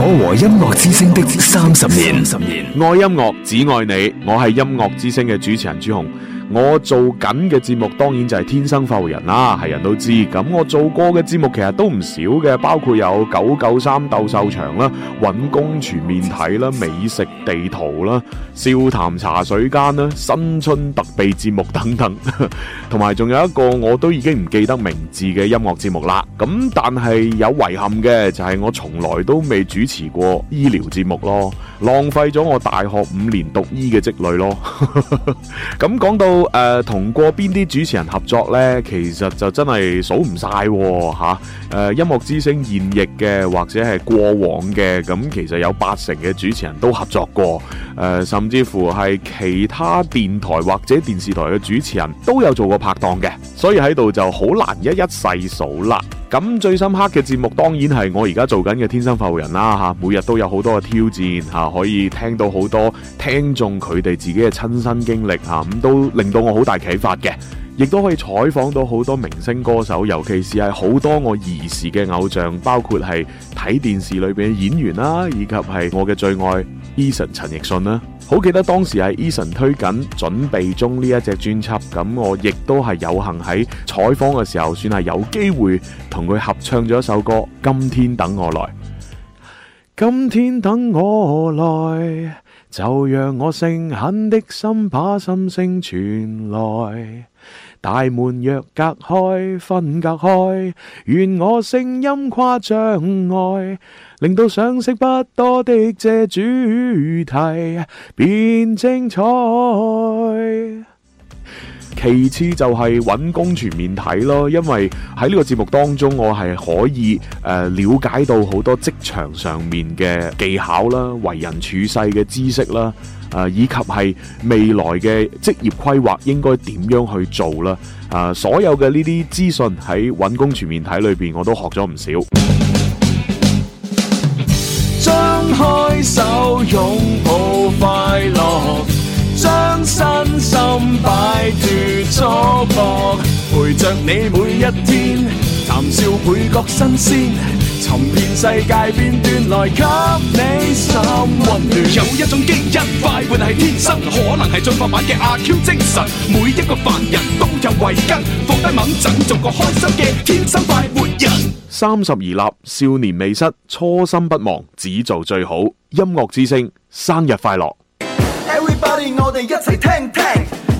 我和音樂之聲的三十年,年，愛音樂，只愛你，我係音樂之聲嘅主持人朱紅。我做緊嘅節目當然就係天生發人啦，係人都知。咁我做過嘅節目其實都唔少嘅，包括有九九三鬥獸場啦、揾工全面睇啦、美食地圖啦、笑談茶水間啦、新春特備節目等等，同埋仲有一個我都已經唔記得名字嘅音樂節目啦。咁但係有遺憾嘅就係我從來都未主持過醫療節目咯，浪費咗我大學五年讀醫嘅積累咯。咁 講到。誒、哦，同過邊啲主持人合作呢？其實就真係數唔晒吓。誒、啊，音樂之聲現役嘅或者係過往嘅，咁其實有八成嘅主持人都合作過。誒、啊，甚至乎係其他電台或者電視台嘅主持人都有做過拍檔嘅，所以喺度就好難一一細數啦。咁最深刻嘅節目，當然係我而家做緊嘅《天生發育人》啦。吓，每日都有好多嘅挑戰吓、啊，可以聽到好多聽眾佢哋自己嘅親身經歷吓，咁、啊、都令。令到我好大啟發嘅，亦都可以採訪到好多明星歌手，尤其是係好多我兒時嘅偶像，包括係睇電視裏邊嘅演員啦，以及係我嘅最愛 Eason 陳奕迅啦。好記得當時係 Eason 推緊準備中呢一隻專輯，咁我亦都係有幸喺採訪嘅時候，算係有機會同佢合唱咗一首歌《今天等我來》。今天等我來。就讓我誠懇的心把心聲傳來，大門若隔開，分隔開，願我聲音跨障礙，令到相識不多的這主題變精彩。其次就係揾工全面睇咯，因為喺呢個節目當中，我係可以誒、呃、了解到好多職場上面嘅技巧啦、為人處世嘅知識啦，誒、呃、以及係未來嘅職業規劃應該點樣去做啦，誒、呃、所有嘅呢啲資訊喺揾工全面睇裏邊，我都學咗唔少。張開手，擁抱快樂，將身心擺。觸摸陪着你每一天，談笑倍覺新鮮，尋遍世界片段來給你心温暖。有一種基因快活係天生，可能係進化版嘅阿 Q 精神。每一個凡人都有慧根，放低猛枕，做個開心嘅天生快活人。三十而立，少年未失初心不忘，只做最好。音樂之聲，生日快樂！Everybody，我哋一齊聽聽。聽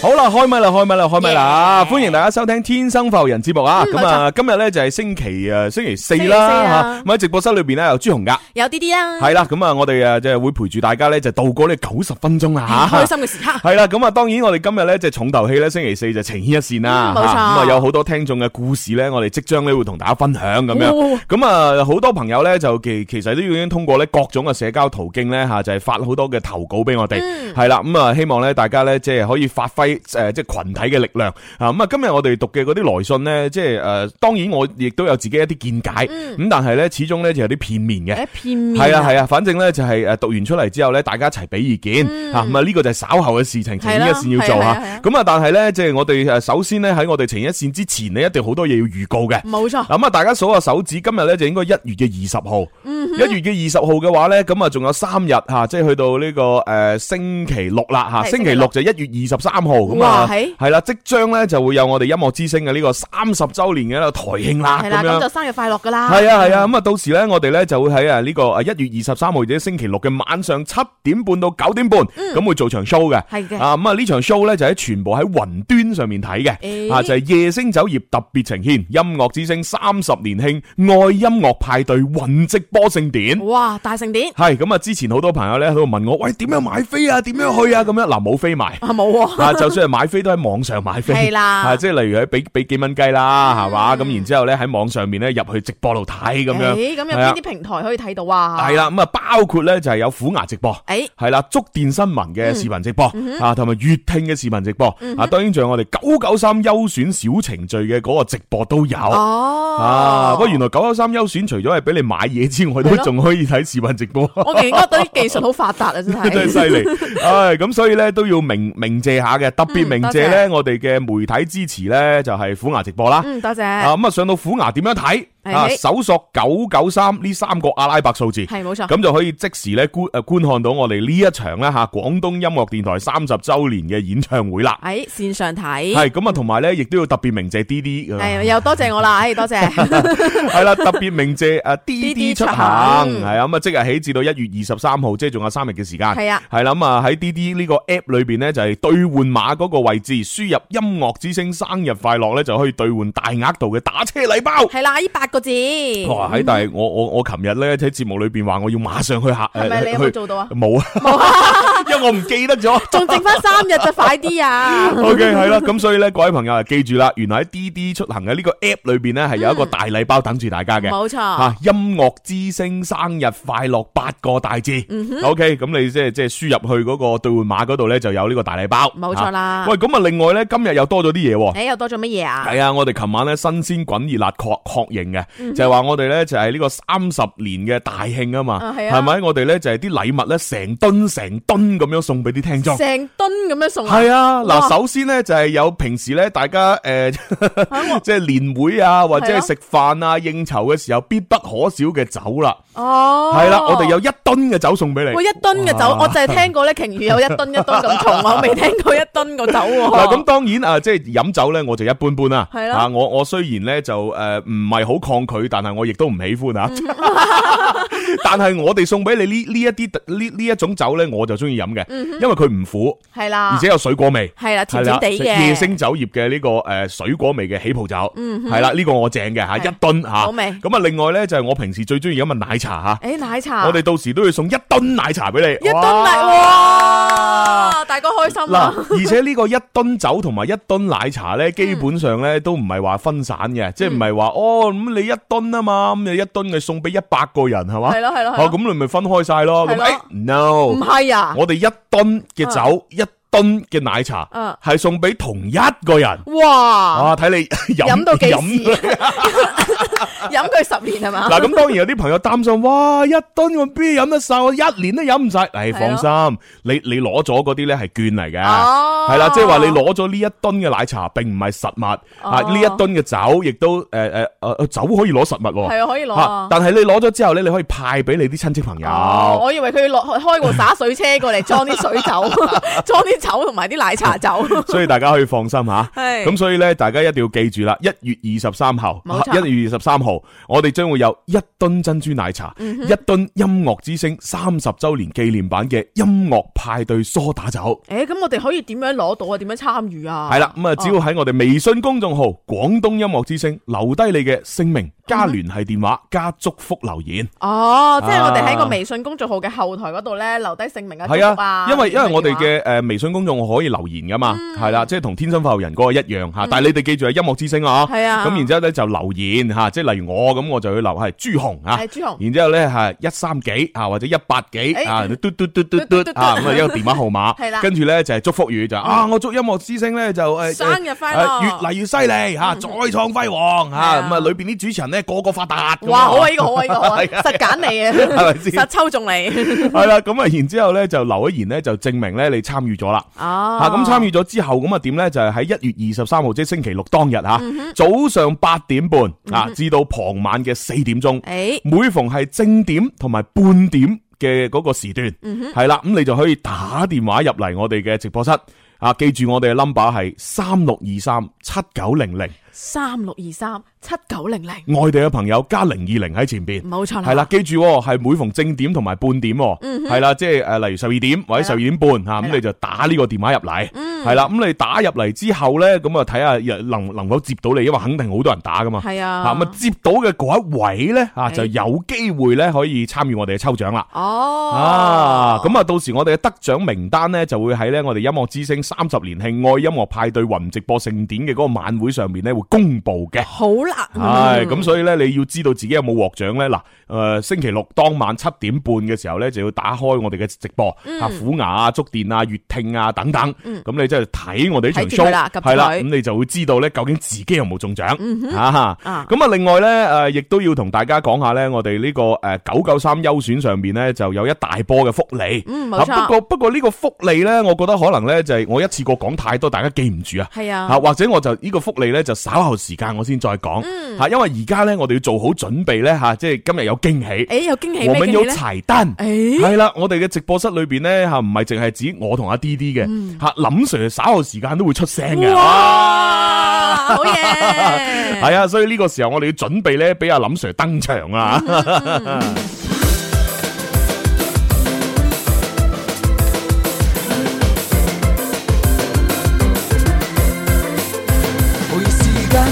好啦，開咪啦，開咪啦，開咪啦！Yeah. 歡迎大家收聽《天生浮人》節目啊！咁、嗯、啊，今日咧就係星期星期四啦吓，咁喺、啊啊、直播室裏邊咧有朱紅噶、啊，有啲啲、啊、啦，係啦，咁啊，我哋啊即係會陪住大家咧，就度過呢九十分鐘啊！吓，開心嘅時刻。係啦，咁啊，當然我哋今日咧即係重頭戲咧，星期四就情牽一線啦、啊，咁、嗯、啊、嗯、有好多聽眾嘅故事咧，我哋即將咧會同大家分享咁、哦、樣，咁啊好多朋友咧就其其實都已經通過呢各種嘅社交途徑咧吓，就係發好多嘅投稿俾我哋，係、嗯、啦，咁、嗯、啊希望咧大家咧即係可以發揮。誒，即係群體嘅力量啊！咁啊，今日我哋讀嘅嗰啲來信呢，即係誒，當然我亦都有自己一啲見解，咁、嗯、但係咧，始終咧就有啲片面嘅，片面係啊係啊，反正咧就係誒讀完出嚟之後咧，大家一齊俾意見吓，咁、嗯、啊呢、這個就係稍後嘅事情，情、啊、一線要做吓，咁啊，啊，啊，啊但係咧，即、就、係、是、我哋誒，首先咧喺我哋情一線之前呢，一定好多嘢要預告嘅，冇錯。咁啊，大家數下手指，今日咧就應該一月嘅二十號，一、嗯、月嘅二十號嘅話咧，咁啊仲有三日吓，即係去到呢、這個誒、呃、星期六啦吓，星期六就一月二十三號。哇！係係啦，即將咧就會有我哋音樂之聲嘅呢個三十周年嘅一個台慶啦，係啦，咁就生日快樂噶啦，係啊係啊，咁啊到時咧我哋咧就會喺啊呢個啊一月二十三號或者星期六嘅晚上七點半到九點半，咁會做場 show 嘅，係嘅，啊咁啊呢場 show 咧就喺全部喺雲端上面睇嘅，啊就係夜星酒業特別呈現音樂之聲三十年慶愛音樂派對雲直播盛典，哇！大盛典，係咁啊！之前好多朋友咧喺度問我，喂，點樣買飛啊？點樣去啊？咁樣嗱，冇飛埋啊，冇啊，就。所以買飛都喺網上買飛，係、啊、啦，即係例如喺俾俾幾蚊雞啦，係嘛咁，然之後咧喺網上面咧入去直播度睇咁樣，有邊啲平台可以睇到啊？係啦咁啊，包括咧就係、是、有虎牙直播，誒、欸，係啦觸電新聞嘅視頻直播、嗯嗯、啊，同埋粵聽嘅視頻直播、嗯、啊，當然仲有我哋九九三優選小程序嘅嗰個直播都有，哦，啊，不，原來九九三優選除咗係俾你買嘢之外，都仲可以睇視頻直播，我哋覺得啲技術好發達啊，真係 真係犀利，唉、 哎，咁所以咧都要明明借一下嘅。特別鳴謝咧，我哋嘅媒體支持咧，就係虎牙直播啦。嗯，多謝。啊，咁啊，上到虎牙點樣睇？啊！搜索九九三呢三個阿拉伯數字，係冇錯，咁就可以即時咧觀誒觀看到我哋呢一場咧吓廣東音樂電台三十周年嘅演唱會啦。喺、哎、線上睇，係咁啊，同埋咧亦都要特別鳴、哎、謝 D D，係又多謝我啦， 哎多謝，係 啦特別鳴謝誒 D D 出行，係咁啊，即日起至到一月二十三號，即係仲有三日嘅時間，係啊，係啦咁啊喺 D D 呢個 A P P 裏邊呢就係兌換碼嗰個位置，輸入音樂之聲生日快樂咧就可以兌換大額度嘅打車禮包，係啦，個、哦、字，哇！喺但係我我我琴日咧喺節目裏邊話我要馬上去下，係、呃、咪你有冇做到啊？冇啊，沒有沒有 因為我唔記得咗，仲剩翻三日就快啲啊！O K 係啦，咁、okay, 所以咧各位朋友啊，記住啦，原來喺滴滴出行嘅呢個 A P P 裏邊咧係有一個大禮包等住大家嘅，冇錯吓。音樂之聲生日快樂八個大字，O K，咁你即係即係輸入去嗰個兌換碼嗰度咧就有呢個大禮包，冇錯啦。喂、啊，咁啊另外咧今日又多咗啲嘢喎，誒、欸，又多咗乜嘢啊？係啊，我哋琴晚咧新鮮滾熱辣確確認嘅。嗯、就係話我哋咧就係呢個三十年嘅大慶啊嘛，係、啊、咪、啊？我哋咧就係啲禮物咧成噸成噸咁樣送俾啲聽眾，成噸咁樣送。係啊，嗱，首先咧就係有平時咧大家誒，即係年會啊或者係食飯啊，啊應酬嘅時候必不可少嘅酒啦。哦、啊，係啦、啊，我哋有一噸嘅酒送俾你。喂，一噸嘅酒，我淨係聽過咧，鯨魚有一噸一噸咁重， 我未聽過一噸嘅酒、啊。嗱、啊，咁當然啊，即係飲酒咧，我就一般般啦、啊。係啦、啊啊，我我雖然咧就誒唔係好。呃抗拒，但係我亦都唔喜歡啊！但係我哋送俾你呢呢一啲呢呢一種酒咧，我就中意飲嘅，因為佢唔苦，係啦，而且有水果味，係啦，甜甜地嘅。夜星酒業嘅呢個誒水果味嘅起泡酒，係啦，呢、這個我正嘅吓一噸吓，咁啊，另外咧就係、是、我平時最中意飲嘅奶茶吓，誒、欸、奶茶，我哋到時都要送一噸奶茶俾你，一噸奶哇，哇，大哥開心啦！而且呢個一噸酒同埋一噸奶茶咧，基本上咧都唔係話分散嘅、嗯，即係唔係話哦咁。你一噸啊嘛，咁你一噸你送俾一百個人係嘛？係咯，係咯，哦咁你咪分開晒咯，咁誒 no 唔係啊，我哋一噸嘅酒一噸嘅奶茶，係送俾同一個人。哇！睇、啊、你飲到幾時？飲佢十年係嘛？嗱，咁當然有啲朋友擔心，哇！一噸我邊飲得晒？我一年都飲唔晒。你、哎、放心，啊、你你攞咗嗰啲呢係券嚟嘅，係、啊、啦，即係話你攞咗呢一噸嘅奶茶，並唔係實物啊。呢一噸嘅酒，亦都誒誒酒可以攞實物喎。係啊，可以攞、啊。但係你攞咗之後呢，你可以派俾你啲親戚朋友。啊、我以為佢要落開個灑水車過嚟裝啲水酒，裝啲。酒同埋啲奶茶酒， 所以大家可以放心吓。咁所以呢，大家一定要記住啦！一月二十三號，一月二十三號，我哋將會有一噸珍珠奶茶，嗯、一噸音樂之聲、三十周年紀念版嘅音樂派對梳打酒。誒、欸，咁我哋可以點樣攞到啊？點樣參與啊？係啦，咁啊，只要喺我哋微信公眾號廣、啊、東音樂之聲留低你嘅姓名。加聯繫電話，加祝福留言。哦，即係我哋喺個微信公眾號嘅後台嗰度咧，留低姓名啊，係啊，因為因為我哋嘅誒微信公眾號可以留言噶嘛，係啦，即係同天生快友人哥一樣吓，但係你哋記住係音樂之聲啊，係啊，咁然之後咧就留言吓，即係例如我咁，我就要留係朱紅啊，朱紅，然之後咧係一三幾啊，或者一八幾啊，嘟嘟嘟嘟嘟啊，咁啊一個電話號碼，跟住咧就係祝福語就啊，我祝音樂之聲咧就誒，生日快樂，越嚟越犀利吓，再創輝煌吓，咁啊裏邊啲主持人咧。個個發達，哇！好啊，呢、這個好啊，這個、好啊 實揀你嘅、啊，係咪先？實抽中你，係啦。咁啊，然之後咧就留一言咧就證明咧你參與咗啦。哦，吓咁參與咗之後咁啊點咧就係喺一月二十三號，即係星期六當日吓、嗯，早上八點半、嗯、啊，至到傍晚嘅四點鐘。誒、哎，每逢係正點同埋半點嘅嗰個時段，係、嗯、啦，咁你就可以打電話入嚟我哋嘅直播室啊。記住我哋嘅 number 係三六二三七九零零。三六二三七九零零，外地嘅朋友加零二零喺前邊，冇錯、啊，係啦，記住係、哦、每逢正點同埋半點、哦，係、嗯、啦，即係誒，例如十二點或者十二點半咁、啊、你就打呢個電話入嚟，係、嗯、啦，咁你打入嚟之後呢，咁啊睇下能能否接到你，因為肯定好多人打噶嘛，係啊，咁接到嘅嗰一位呢，啊，就有機會呢可以參與我哋嘅抽獎啦，哦，啊，咁啊到時我哋嘅得獎名單呢，就會喺呢我哋音樂之聲三十年慶愛音樂派對雲直播盛典嘅嗰個晚會上面呢。會。公布嘅，好難。係咁、嗯，所以咧你要知道自己有冇獲獎咧嗱。誒、呃，星期六當晚七點半嘅時候咧，就要打開我哋嘅直播，吓、嗯、虎牙啊、觸電啊、粵聽啊等等。咁、嗯、你即係睇我哋呢場 show，係啦。咁你就會知道咧，究竟自己有冇中獎。吓、嗯，咁啊，另外咧，誒、呃，亦都要同大家講下咧，我哋呢個誒九九三優選上面咧，就有一大波嘅福利。嗯、不過不過呢個福利咧，我覺得可能咧就係我一次過講太多，大家記唔住啊。係啊。吓，或者我就呢、這個福利咧，就稍後時間我先再講吓、嗯，因為而家咧我哋要做好準備咧吓，即係今日有驚喜，誒、欸、有驚喜，和敏友柴單，係啦，我哋嘅、欸、直播室裏邊咧吓，唔係淨係指我同阿 D D 嘅吓，林 Sir 稍後時間都會出聲嘅，哇好嘢，係啊，所以呢個時候我哋要準備咧，俾阿林 Sir 登場啊。嗯 嗯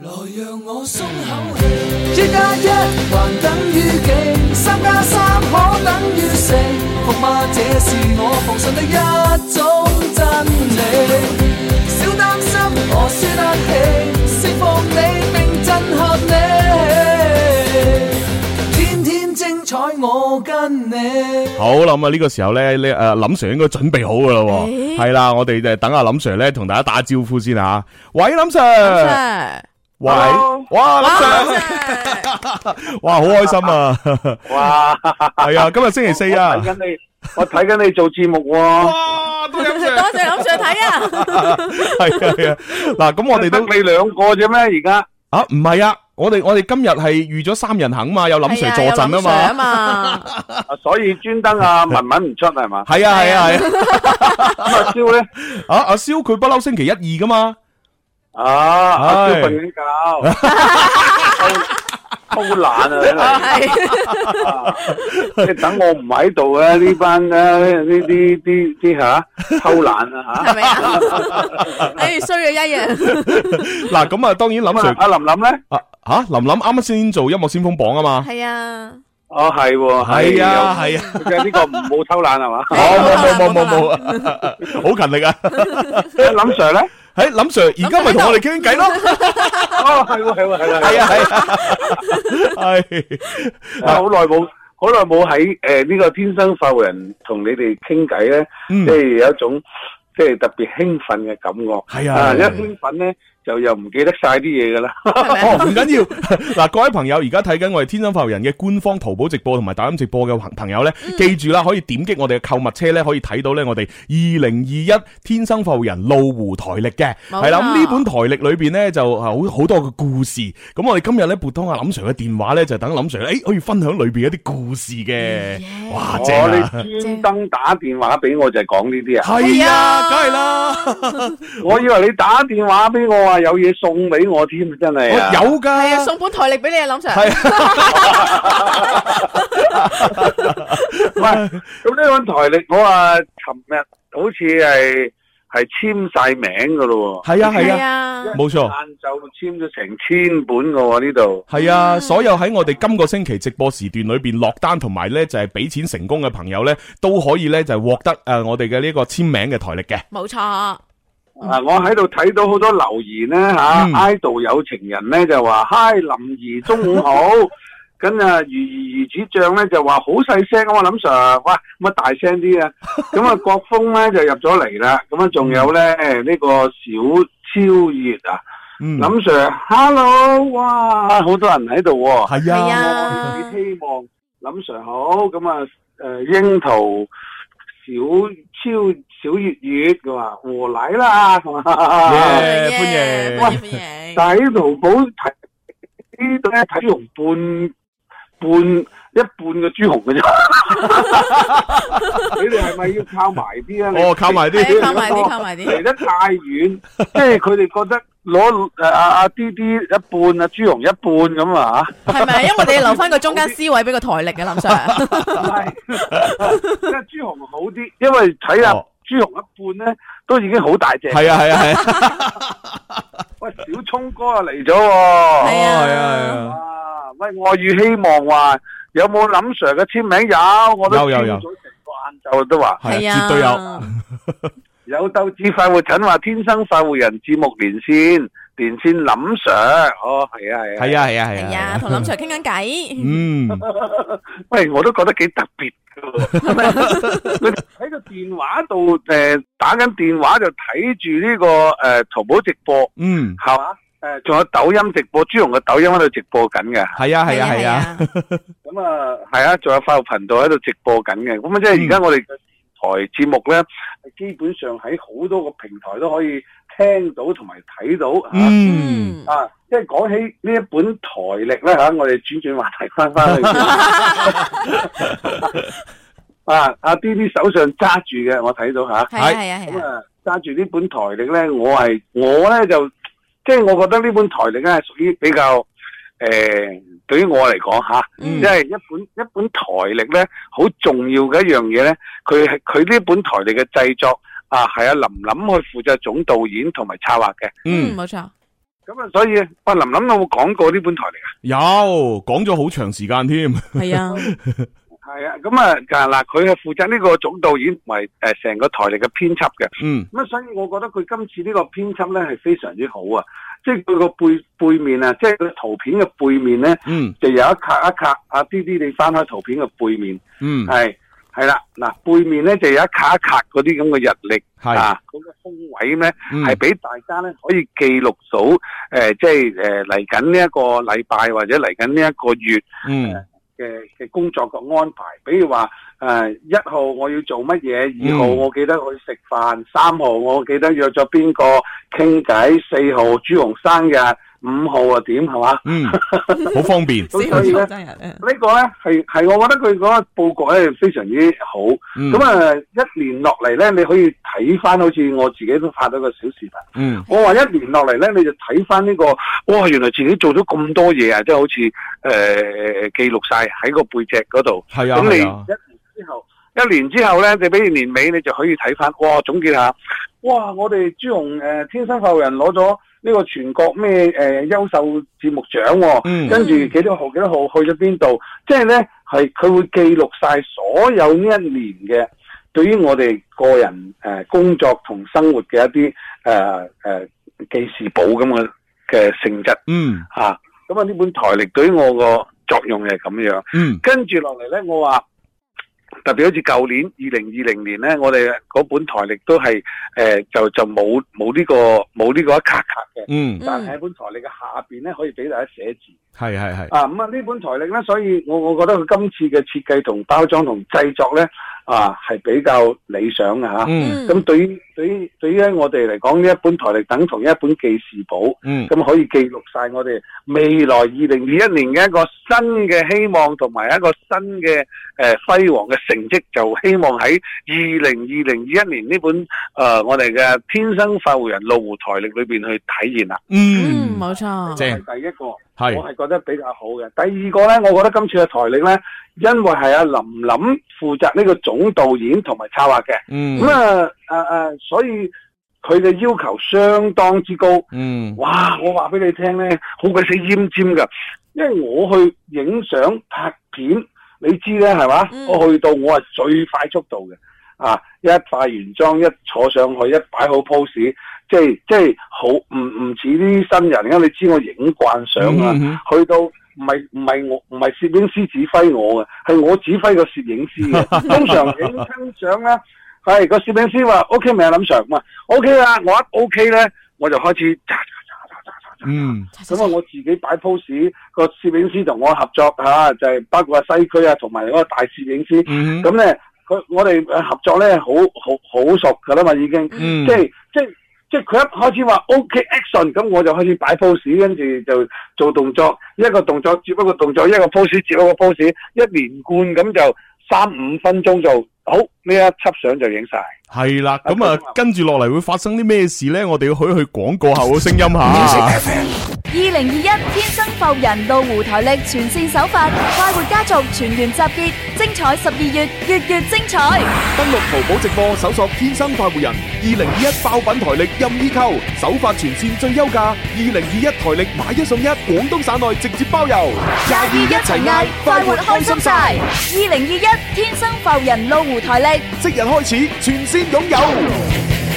來讓我鬆口氣，一加一還等於幾？三加三可等於四？服嗎？這是我奉信的一種真理。少擔心，我輸得起，釋放你並震撼你。天天精彩，我跟你。好啦，咁啊呢個時候咧，咧誒，林 Sir 應該準備好噶啦，係、欸、啦，我哋就等下林 Sir 咧同大家打招呼先吓。喂，林 Sir。林 Sir 喂！哇！林 Sir，哇，好開心啊！哇，係啊，今日星期四啊！我睇緊你做節目，多謝林 Sir 睇啊！係啊係啊，嗱，咁我哋都你兩個啫咩？而家啊，唔係啊，我哋我哋今日係預咗三人行嘛，有林 Sir 坐鎮啊嘛，所以專登阿文文唔出係嘛？係啊係啊係啊！阿蕭咧，阿阿蕭佢不嬲星期一二噶嘛？啊！要瞓緊覺，偷懶啊！即係等我唔喺度啊！呢班啊呢啲啲啲吓偷懶啊吓，係咪啊？唉，衰咗一樣。嗱咁啊，當然諗阿阿林林咧，啊吓林林啱啱先做音樂先鋒榜啊嘛，係啊，哦係喎，係啊係啊，即係呢個唔好偷懶係嘛，冇冇冇冇冇，好勤力啊！阿林 Sir 咧。喺林 sir，而家咪同我哋傾偈咯。哦、嗯，係、嗯、喎，係、嗯、喎，係、嗯、啦，係啊，係啊，係、啊。係好耐冇，好耐冇喺誒呢個天生發人同你哋傾偈咧，即、嗯、係、就是、有一種即係、就是、特別興奮嘅感覺。係啊，啊啊嗯、一興奮咧就又又唔記得晒啲嘢噶啦， 哦唔緊要，嗱、啊、各位朋友而家睇緊我哋天生發育人嘅官方淘寶直播同埋抖音直播嘅朋友呢、嗯，記住啦，可以點擊我哋嘅購物車呢，可以睇到呢我哋二零二一天生發育人露湖台歷嘅，係啦，咁呢、嗯、本台歷裏邊呢就好好多嘅故事，咁我哋今日呢，撥通阿林 sir 嘅電話呢，就等林 sir 誒、哎、可以分享裏邊一啲故事嘅，yeah. 哇、哦、正我、啊、你專登打電話俾我就係講呢啲啊，係 啊然了，梗係啦，我以為你打電話俾我啊。有嘢送俾我添，真係、啊、有噶，係啊，送本台曆俾你啊，林 Sir。啊、 喂，咁呢本台曆，我啊，尋日好似係係簽晒名噶咯。係啊，係啊，冇錯、啊。晏晝簽咗成千本噶喎呢度。係啊，所有喺我哋今個星期直播時段裏邊落單同埋咧，就係、是、俾錢成功嘅朋友咧，都可以咧就獲、是、得誒、呃、我哋嘅呢個簽名嘅台曆嘅。冇錯。嗱、啊，我喺度睇到好多留言咧嚇、啊嗯、，idol 有情人咧就話嗨林兒中午好，咁 啊如如子將咧就話好細聲，我林 sir 哇，咁啊大聲啲啊，咁 啊國風咧就入咗嚟啦，咁啊仲有咧呢、嗯這個小超越啊、嗯，林 sir hello 哇好多人喺度喎，係啊，我哋希望、啊、林 sir 好，咁啊誒櫻桃小超越。小月月佢話我嚟啦，同埋歡迎歡迎，但喺淘寶睇呢度咧睇朱紅半半一半嘅朱紅嘅啫，你哋係咪要靠埋啲啊？哦，靠埋啲，靠埋啲，靠埋啲，離得太遠，即係佢哋覺得攞誒阿阿啲啲一半阿朱紅一半咁啊吓？係 咪？因為你留翻個中間 C 位俾個台曆嘅 林 Sir，係， 因為朱紅好啲，因為睇阿。豬肉一半咧，都已經好大隻。係啊係啊係啊、， 哦 哦啊，哦、啊，啊！喂，小聰哥啊嚟咗喎！啊係啊！哇！喂，我與希望話有冇林 Sir 嘅簽名有？我都，都有有有！成個晏晝都話係絕對有。 有鬥志快活診話天生快活人，節目連線。連線林 Sir，哦，係啊，係啊，係啊，係啊，係啊，同、啊啊、林 Sir 傾緊偈。 嗯，喂，我都覺得幾特別㗎。喺 個 電話度，誒、呃，打緊電話就睇住呢個誒、呃、淘寶直播，嗯，係嘛？誒，仲有抖音直播，朱紅嘅抖音喺度直播緊嘅。係 啊，係啊，係啊。咁啊，係 啊、嗯，仲有法律頻道喺度直播緊嘅。咁啊，即係而家我哋電台節目咧，基本上喺好多個平台都可以。聽到同埋睇到，嗯啊，即係講起呢一本台曆咧吓，我哋轉轉話題翻翻去先。啊，阿、 啊 啊啊、B B 手上揸住嘅，我睇到吓，係啊係啊係，揸住呢本台曆咧，我係我咧就，即、就、係、是、我覺得呢本台曆咧係屬於比較誒、呃，對於我嚟講吓，即、啊、係、嗯就是、一本一本台曆咧好重要嘅一樣嘢咧，佢係佢呢本台曆嘅製作。啊，係啊，林林去負責總導演同埋策劃嘅，嗯，冇錯。咁啊，所以阿林林有冇講過呢本台曆啊？有，講咗好長時間添。係啊，係 啊，咁啊，嗱，佢係負責呢個總導演同埋誒成個台歷嘅編輯嘅，嗯。咁啊，所以我覺得佢今次呢個編輯咧係非常之好啊，即係佢個背背面啊，即係佢圖片嘅背面咧，嗯，就有一格一格啊啲啲，你翻開圖片嘅背面，嗯，係。係啦，嗱背面咧就有一卡一卡嗰啲咁嘅日曆，啊，嗰、嗰個空位咧係俾大家咧可以記錄到，誒、呃，即係誒嚟緊呢一個禮拜或者嚟緊呢一個月嘅嘅、呃、工作嘅安排，比如話誒一號我要做乜嘢，二號我記得去食飯，三、嗯、號我記得約咗邊個傾偈，四號朱紅生日。五號啊？點係嘛？嗯，好方便。 所以咧呢， 這個呢個咧係係，是是我覺得佢嗰個布局咧非常之好。咁、嗯、啊，一年落嚟咧，你可以睇翻，好似我自己都發咗個小視頻。嗯，我話一年落嚟咧，你就睇翻呢個，哇、哦！原來自己做咗咁多嘢、就是呃、啊，即係好似誒記錄晒喺個背脊嗰度。係啊，咁你一年之後，一年之後咧，你比如年尾，你就可以睇翻，哇、哦！總結下。哇！我哋朱紅、呃、天生發育人攞咗呢個全國咩誒優秀節目獎喎、哦嗯，跟住幾多號幾多號去咗邊度？即係咧係佢會記錄晒所有呢一年嘅對於我哋個人、呃、工作同生活嘅一啲誒誒記事簿咁嘅嘅性質。嗯，吓咁啊！呢、嗯嗯、本台歷對於我個作用係咁樣。嗯，跟住落嚟咧，我話。特別好似舊年二零二零年咧，我哋嗰本台曆都係誒、呃、就就冇冇呢個冇呢個一格格嘅。嗯，但係喺本台曆嘅下邊咧可以俾大家寫字，係係係，啊咁啊呢本台曆咧，所以我我覺得佢今次嘅設計同包裝同製作咧。啊，係比較理想嘅嚇。咁、嗯、對於對於對於我哋嚟講呢一本台歷等同一本記事簿。咁、嗯、可以記錄晒我哋未來二零二一年嘅一個新嘅希望同埋一個新嘅誒輝煌嘅成績，就希望喺二零二零二一年呢本誒、呃、我哋嘅天生發戶人路戶台歷裏邊去體現啦。嗯，冇、嗯、錯，即、就、係、是、第一個。係，我係覺得比較好嘅。第二個咧，我覺得今次嘅台曆咧，因為係阿林林負責呢個總導演同埋策劃嘅，咁、嗯、啊、誒、嗯、誒、呃呃，所以佢嘅要求相當之高。嗯，哇，我話俾你聽咧，好鬼死尖尖㗎，因為我去影相拍片，你知咧係嘛，我去到我係最快速度嘅。啊！一化完妝一坐上去，一擺好 pose，即係即係好唔唔似啲新人，因為啊！你知我影慣相啊，去到唔係唔係我唔係攝影師指揮我嘅，係我指揮個攝影師 通常影相咧，係個、啊、攝影師話 O K 未啊，林 sir 咁，啊 O K 啦，okay，我一 O K 咧，我就開始，嗯，咁啊我自己擺 pose，個攝影師同我合作吓，就係包括啊西區啊，同埋嗰個大攝影師，咁咧。佢我哋合作咧，好好好熟噶啦嘛，已經，嗯、即係即係即係佢一開始話 OK action，咁我就開始擺 pose，跟住就做動作，一個動作，接一個動作，一個 pose，接一個 pose，一連貫咁就三五分鐘就好，呢一輯相就影晒。係啦，咁啊，跟住落嚟會發生啲咩事呢？我哋可以去廣告後嘅聲音吓。二零二一天生浮人老胡台曆全線首發，快活家族全員集結，精彩十二月，月月精彩。登錄淘寶直播，搜索天生快活人，二零二一爆品台曆任意購，首發全線最優價。二零二一台曆買一送一，廣東省內直接包郵。廿二一齊嗌，快活開心晒。二零二一天生浮人老胡台曆，即日開始全線。擁有。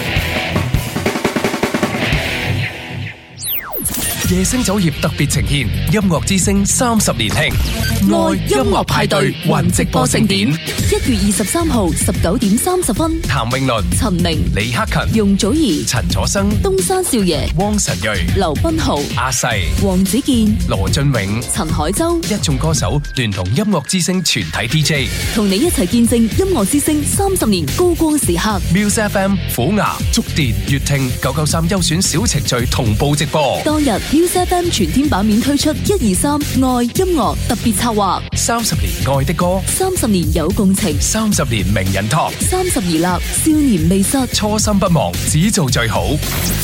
夜星酒業特別呈現音樂之聲三十年慶愛音樂派對雲直播盛典，一月二十三號十九點三十分，譚詠麟、陳明、李克勤、容祖兒、陳楚生、東山少爺、汪晨睿、劉彬豪、阿細、王子健、羅俊永、陳海洲一眾歌手聯同音樂之聲全體 DJ，同你一齊見證音樂之聲三十年高光時刻。Music FM 虎牙、觸電、粵聽九九三優選小程序同步直播。當日。F M 全天版面推出一二三愛音樂特別策劃，三十年愛的歌，三十年有共情，三十年名人堂，三十而立，少年未失，初心不忘，只做最好。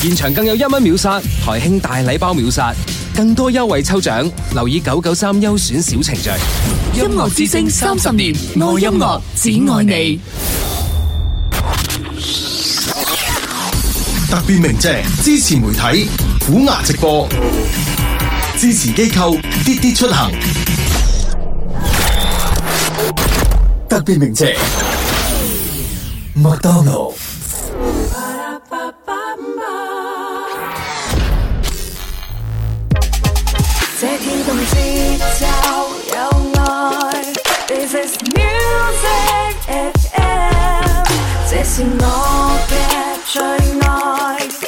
現場更有一蚊秒殺，台慶大禮包秒殺，更多優惠抽獎，留意九九三優選小程序。音樂之聲三十年，年愛音樂，只愛你。特別鳴謝支持媒體。虎牙直播支持機構滴滴出行特別鳴謝麥當勞。這跳動節奏有愛，This is music FM，這是我嘅最愛。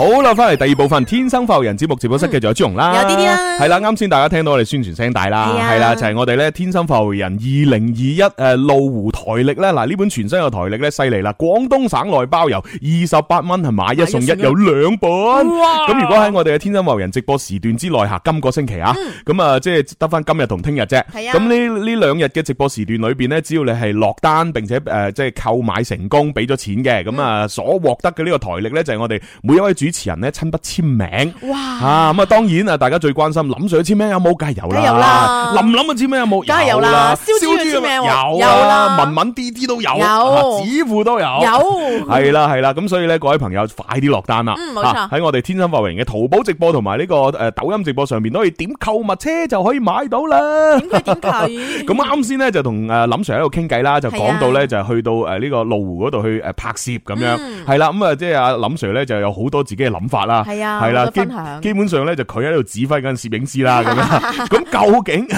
好啦，翻嚟第二部分《天生發育人節目節目》節目直播室嘅就有朱蓉、嗯、啦，有啲啲啦，係啦，啱先大家聽到我哋宣傳聲帶啦，係啦，就係、是、我哋咧《天生發育人2021》二零二一誒路湖台曆咧，嗱呢本全新嘅台曆咧犀利啦，廣東省內包郵，二十八蚊係買一送一，有兩本。咁、嗯、如果喺我哋嘅《天生發育人》直播時段之內吓，今個星期啊，咁啊即係得翻今日同聽日啫。咁呢呢兩日嘅直播時段裏邊呢，只要你係落單並且誒即係購買成功，俾咗錢嘅，咁、嗯、啊所獲得嘅呢個台曆呢，就係、是、我哋每一位主。主持人咧親筆簽名，哇！啊咁啊，當然啊，大家最關心林 Sir 的簽名有冇？梗係有啦！林林嘅簽名有冇？梗係有啦！燒豬嘅名有啦！文文啲啲都有，有子富都有，有係啦係啦。咁 所以咧，各位朋友快啲落單啦！嗯，冇錯，喺我哋天生發榮嘅淘寶直播同埋呢個誒抖音直播上面都可以點購物車就可以買到啦。點解咁解？咁啱先咧就同誒林 Sir 喺度傾偈啦，就講到咧就去到誒呢個路湖嗰度去誒拍攝咁樣係啦。咁啊即係阿林 Sir 咧就有好多自嘅諗法啦，係啊，係啦、啊，基基本上咧就佢喺度指揮緊攝影師啦。咁樣，咁究竟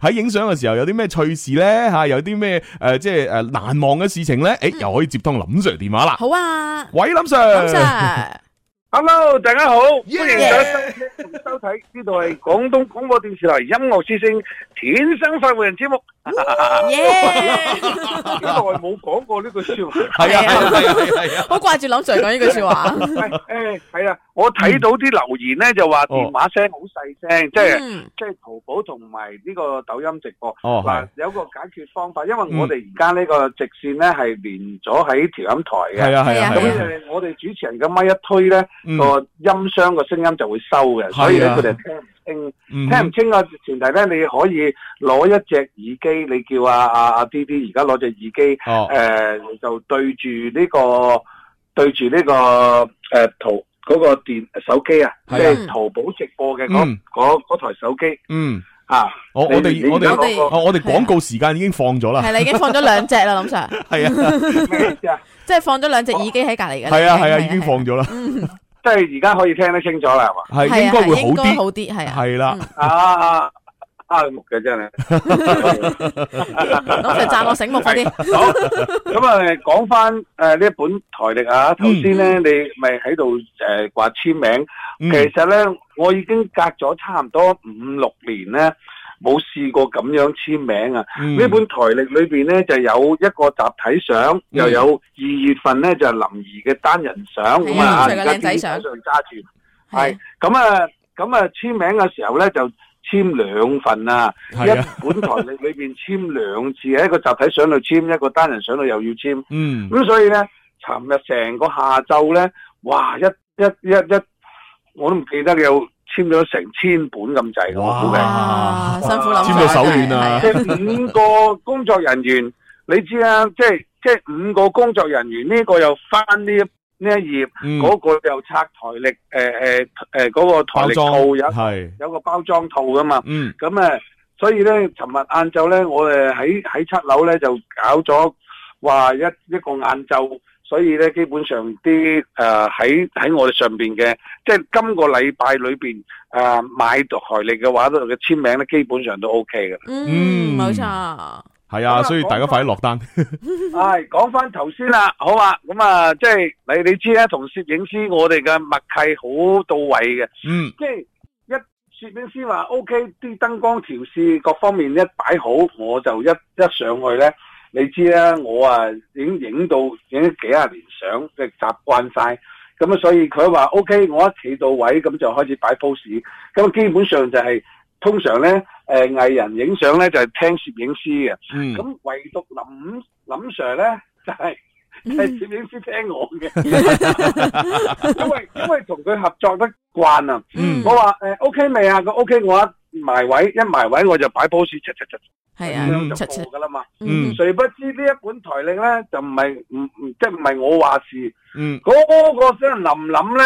喺影相嘅時候有啲咩趣事咧？吓，有啲咩誒，即係誒難忘嘅事情咧？誒、嗯，又可以接通林 Sir 電話啦。好啊，喂，林 Sir，林 Sir。Hello，大家好，yeah. 歡迎大家收聽收睇呢度係廣東廣播電視台音樂之聲天生快活人節目。耶、yeah. 啊，好耐冇講過呢句說話，係 啊，係啊，啊啊啊 好掛住諗住講呢句說話。誒，係啊。 我睇到啲留言咧，就話電話聲好、哦、細聲，即係即係淘寶同埋呢個抖音直播，嗱、哦、有個解決方法，嗯、因為我哋而家呢個直線咧係連咗喺調音台嘅，係啊係啊。咁、啊啊、我哋主持人嘅麥一推咧，個、嗯、音箱嘅聲音就會收嘅，所以咧佢哋聽唔清，嗯、聽唔清嘅、啊、前提咧，你可以攞一隻耳機，你叫阿阿阿 D D 而家攞隻耳機，誒、哦呃、就對住呢、呢個對住呢、呢個誒淘。呃圖嗰、那個電手機啊，即係、啊就是，淘寶直播嘅嗰嗰台手機，嗯啊，我我哋我哋我哋廣告時間已經放咗啦，係啦，已經放咗兩隻啦，林 Sir，係啊，即係放咗兩隻耳機喺隔籬嘅，係啊係啊，已經放咗啦， 啊啊、 即係而家可以聽得清楚啦，係嘛、啊，係、啊啊啊啊、應該會好啲，應好啲係，係啦，啊。花、啊、眼目嘅真係，老實讚我醒目啲。好，咁啊講翻誒呢本台曆啊，頭先咧你咪喺度誒話簽名，其實咧、mm. 我已經隔咗差唔多五六年咧冇試過咁樣簽名啊。呢、mm. 本台曆裏邊咧就有一個集體、mm. 就是啊那個、相，又有二月份咧就林兒嘅單人相咁啊，而家喺手上揸住。係，咁啊咁啊簽名嘅時候咧就。簽兩份啊！一本台曆裏邊簽兩次、啊，一個集體上到簽，一個單人上到又要簽。嗯，咁所以咧，尋日成個下晝咧，哇！一一一一，我都唔記得有簽咗成千本咁滯。啊辛苦啦，簽到手軟啊！即係、啊啊就是、五個工作人員，你知啦、啊，即係即係五個工作人員呢、這個又翻一呢一頁，嗰、嗯嗰個又拆台曆，誒誒誒嗰個台歷套有，有，個，有個包裝套㗎嘛。咁、嗯、啊，所以咧，尋日晏晝咧，我哋喺喺七樓咧就搞咗，話一一個晏晝，所以咧基本上啲誒喺喺我哋上邊嘅，即係今個禮拜裏邊啊買台歷嘅話咧，佢簽名咧基本上都 O K 嘅。嗯，冇、嗯、錯。係啊，所以大家快啲落單。係講翻頭先啦，好啊，咁啊，即係你你知啦，同攝影師我哋嘅默契好到位嘅。嗯，即係一攝影師話 O K，啲燈光調試各方面一擺好，我就一一上去咧。你知啦，我啊已經影到影幾廿年相，即係習慣晒。咁啊，所以佢話 O K，我一企到位咁就開始擺 pose。咁基本上就係。通常咧，誒、呃、藝人影相咧就係、是、聽攝影師嘅，咁、嗯、唯獨林林 Sir 咧就係、是、係、嗯、攝影師聽我嘅，。 因為因為同佢合作得慣啊。嗯、我話、呃、OK 未啊？佢 OK，我一埋位一埋位，我就擺 pose 出出出。柒係啊，柒柒㗎啦嘛叉叉叉。嗯，誰不知呢一本台曆咧就唔係唔唔，即係唔係我話事。嗯、嗰、那個聲林林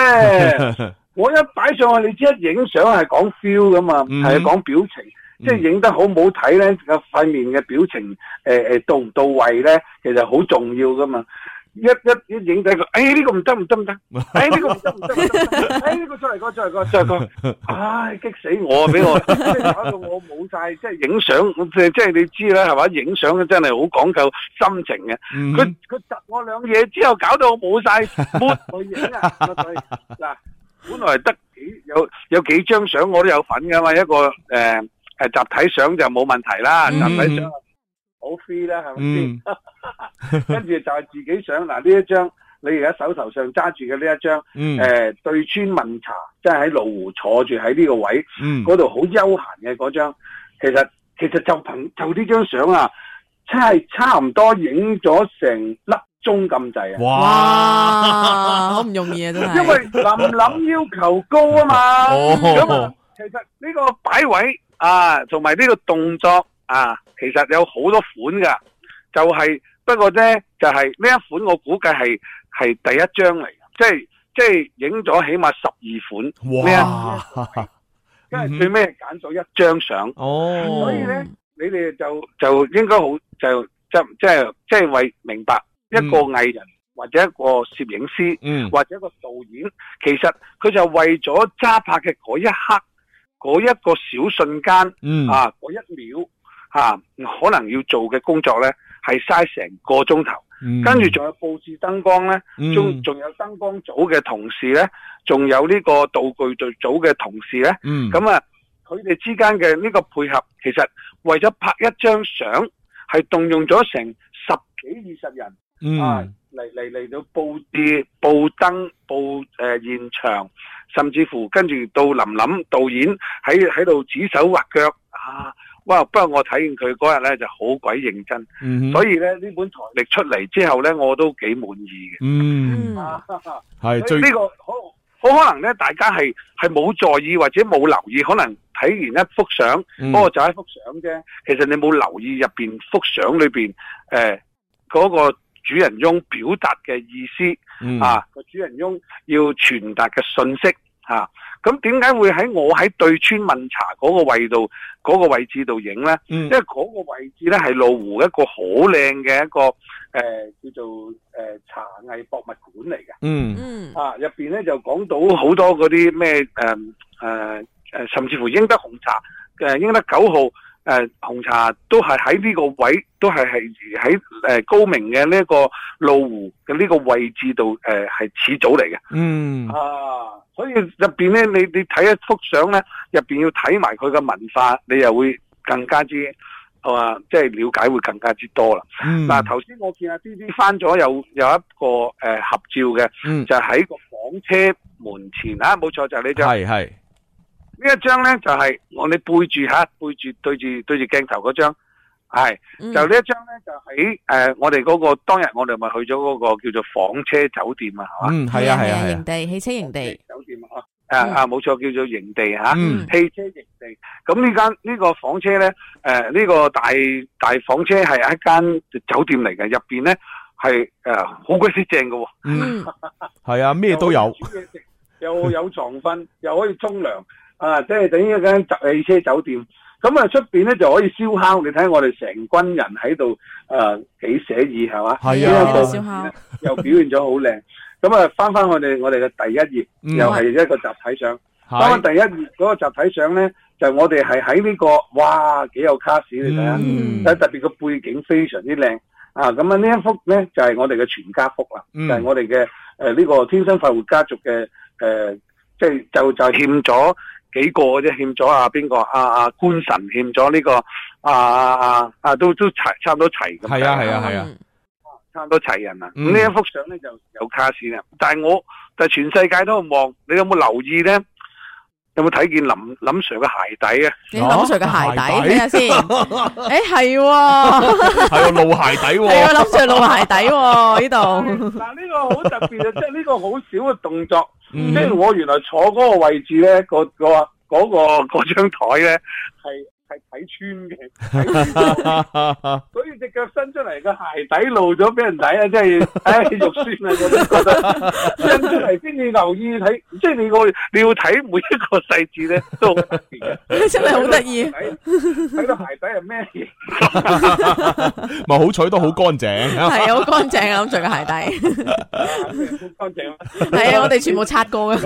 咧。 我一擺上去，你知一影相係講 feel 噶嘛，係、嗯、講表情，嗯、即係影得好唔好睇咧？個塊面嘅表情，誒、呃、誒到唔到位咧？其實好重要噶嘛！一一一影低佢，誒呢個唔得唔得唔得，誒呢個唔得唔得唔得，呢個出嚟個再嚟個再嚟個，唉、哎、激死我俾我 搞到我冇晒，即係影相即係你知啦，係嘛？影相真係好講究心情嘅，佢佢窒我兩嘢之後，搞到我冇晒，冇 去影啊嗱。本來得幾有有幾張相我都有份噶嘛，一個誒、呃、集體相就冇問題啦，嗯、集體相好 free 啦，係咪先？是是嗯、 跟住就係自己相嗱，呢、啊、一張你而家手頭上揸住嘅呢一張誒、嗯呃、對穿問茶，即係喺羅湖坐住喺呢個位，嗰度好悠閒嘅嗰張，其實其實就憑就呢張相啊，真係差唔多影咗成粒中咁滯啊！哇，好 唔容易啊，真係。因為林林要求高啊嘛。哦。 其實呢個擺位啊，同埋呢個動作啊，其實有好多款噶，就係、是、不過咧，就係、是、呢一款，我估計係係第一張嚟嘅，即係即係影咗起碼十二款。哇！因為 最尾揀咗一張相。哦、嗯。所以咧，你哋就就應該好就即即即為明白。一個藝人或者一個攝影師，或者一個導演，嗯、其實佢就為咗揸拍嘅嗰一刻，嗰一個小瞬間、嗯、啊，嗰一秒、啊、可能要做嘅工作咧係嘥成個鐘頭、嗯，跟住仲有布置燈光咧，仲、嗯、仲有燈光組嘅同事咧，仲有呢個道具隊組嘅同事咧，咁、嗯、啊，佢哋之間嘅呢個配合，其實為咗拍一張相，係動用咗成十幾二十人。嗯，嚟嚟嚟到布置布登布誒現場，甚至乎跟住到林琳導演喺喺度指手畫腳啊！哇！不過我睇見佢嗰日咧就好鬼認真，嗯、所以咧呢本台曆出嚟之後咧，我都幾滿意嘅。嗯，係、啊、呢、呢個好，好可能咧，大家係係冇在意或者冇留意，可能睇完一幅相、嗯，不過就係一幅相啫。其實你冇留意入邊幅相裏邊誒嗰個。主人翁表達嘅意思、嗯、啊，個主人翁要傳達嘅信息啊，咁點解會喺我喺對村問茶嗰個位度嗰、那個、位置度影咧？因為嗰個位置咧係羅湖一個好靚嘅一個誒、呃、叫做誒、呃、茶藝博物館嚟嘅。嗯嗯啊，入邊咧就講到好多嗰啲咩誒誒誒，甚至乎英德紅茶嘅、呃、英德九號。誒、呃，紅茶都係喺呢個位，都係係喺誒高明嘅呢個路湖嘅呢個位置度，誒係、呃呃、始祖嚟嘅。嗯啊，所以入邊咧，你你睇一幅相咧，入邊要睇埋佢嘅文化，你又會更加之啊，即、呃、係、即係、了解會更加之多啦。嗱、嗯，頭、啊、先我見阿 B B 翻咗有有一個誒、呃、合照嘅、嗯，就喺、係、個房車門前啊，冇錯就係呢張。係係。這一張呢、就是、張這一張咧就係，呃、我哋背住吓背住對住對住鏡頭嗰張係就呢一張咧就喺誒我哋嗰個當日我哋咪去咗嗰個叫做房車酒店、嗯、是啊係嘛嗯，係啊係啊營、啊、地汽車營地酒店、嗯、啊啊啊冇錯叫做營地吓、啊、嗯汽車營地咁呢間呢個房車咧誒呢、呃這個大大房車係一間酒店嚟嘅，入邊咧係誒好鬼死正嘅喎。嗯，係啊咩都有又， 又有床瞓又可以沖涼。 啊，即係等於一間集汽車酒店，咁啊出邊咧就可以燒烤，你睇下我哋成軍人喺度，誒幾寫意係嘛？係啊，燒烤 又表現咗好靚。咁、嗯、啊，翻、嗯、翻我哋我哋嘅第一頁，又係一個集體相。翻翻第一頁嗰個集體相咧，就我哋係喺呢個，哇，幾有卡士。你睇下，睇特別個背景非常之靚。啊，咁啊呢一幅咧就係、是、我哋嘅全家福啦、嗯，就係、是、我哋嘅誒呢個天生快活家族嘅誒，即、呃、係、就是、就就欠咗。幾個啫，欠咗啊，邊、啊、個，啊啊官神欠咗呢、這個，啊，啊啊都都差差唔多齊咁。係啊係啊係啊，差唔多齊人啊。咁、嗯、呢一幅相咧就有卡士啦。但係我但係全世界都去望，你有冇留意咧？有冇睇見林林 Sir 嘅鞋、啊鞋， 欸啊 啊、鞋底啊？林 Sir 嘅鞋底，睇下先。誒，係喎，係喎，露鞋底喎，係喎，林 Sir 露鞋底喎，呢度。嗱，呢個好特別啊，即係呢個好少嘅動作。即係我原來坐嗰個位置咧，嗰個、嗰個嗰個嗰張台咧係。是睇穿嘅，所以隻腳伸出嚟個鞋底露咗俾人睇啊！真係唉、哎、肉酸啊！ 我都覺得伸出嚟先至留意睇，即係你個你要睇每一個細節咧，都好得意啊！真係好得意，睇個鞋底係咩嘢？咪好彩都好乾淨，係好乾淨啊！諗住個鞋底，好乾淨。係 啊 乾淨， 我哋全部擦過啊。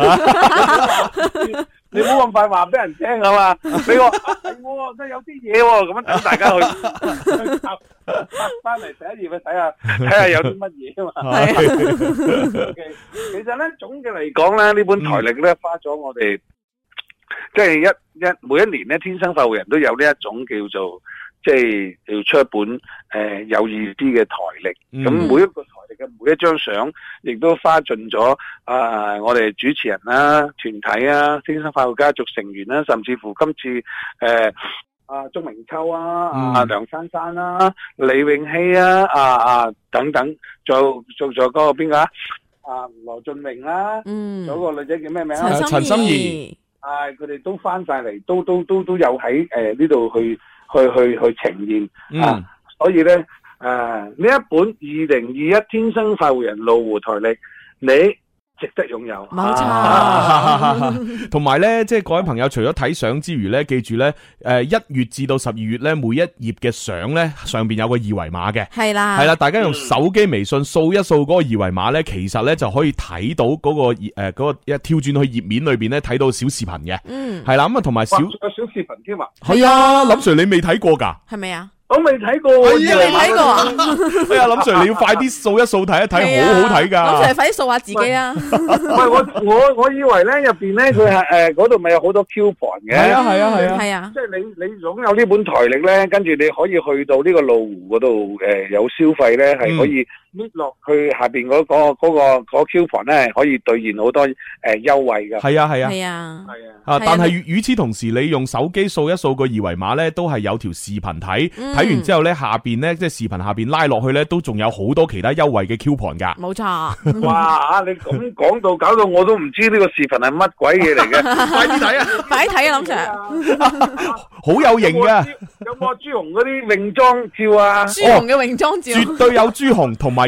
你唔好咁快話俾人聽 你說 啊嘛，你話係我真係有啲嘢喎，咁樣等大家去翻嚟第一頁去睇下，睇下有啲乜嘢啊嘛。 Okay. 其實咧總嘅嚟講咧呢本台曆咧花咗我哋、嗯、即係一一每一年咧天生發戶人都有呢一種叫做。即係要出一本誒、呃、有意義啲嘅台曆，咁、嗯、每一個台歷嘅每一張相，亦都花盡咗啊！我哋主持人啦、啊、團體啊、星星法律家族成員啦、啊，甚至乎今次誒、呃、啊鐘明秋啊、啊梁珊珊啦、啊、李永熙啊、啊啊等等，仲有嗰個邊個啊？啊羅俊明啦、啊，嗯，有、那個女仔叫咩名啊？陳、啊、心怡，係佢哋都翻晒嚟，都都都都有喺誒呢度去。去去去呈現、嗯、啊！所以咧，誒、啊，呢一本《二零二一天生快活人路湖台曆》你。值得擁有，冇錯。同埋咧，即係各位朋友，除咗睇相之餘咧，記住咧，誒，一月至到十二月咧，每一頁嘅相咧，上邊有個二維碼嘅，係啦，係啦，大家用手機微信掃、嗯、一掃嗰個二維碼咧，其實咧就可以睇到嗰、嗰個，誒、呃，嗰、嗰個一跳轉去頁面裏邊咧，睇到小視頻嘅，嗯，係啦，咁啊，同埋小小視頻添嘛，係啊，林 Sir 你未睇過噶，係咪啊？我未睇過喎。係啊，睇過啊？哎啊，林 Sir，你要快啲掃一掃睇一睇， 好好睇噶。 林 Sir，快啲掃下自己啊！唔 係我我我以為咧，入邊咧佢係誒嗰度咪有好多 coupon 嘅。係啊係啊係啊。係啊。即係你你擁有呢本台曆咧，跟住你可以去到呢個路湖嗰度誒有消費咧，係、嗯、可以。落去下邊嗰、那個嗰、那個嗰 Q 盤咧，那個、可以兌現好多誒優、呃、惠嘅，係啊係啊係啊係啊！是啊，是啊，是啊，但係與與此同時，你用手機掃一掃個二維碼咧，都係有條視頻睇。睇、嗯、完之後咧，下邊咧即係視頻下邊拉落去咧，都仲有好多其他優惠嘅 Q 盤噶。冇錯、嗯。哇！啊，你咁講到，搞到我都唔知呢個視頻係乜鬼嘢嚟嘅。 快啲睇啊！快啲睇啊！林 sir，好、 啊、有型嘅、啊。有冇朱紅嗰啲泳裝照啊？朱紅嘅泳裝照，絕對有朱紅同埋。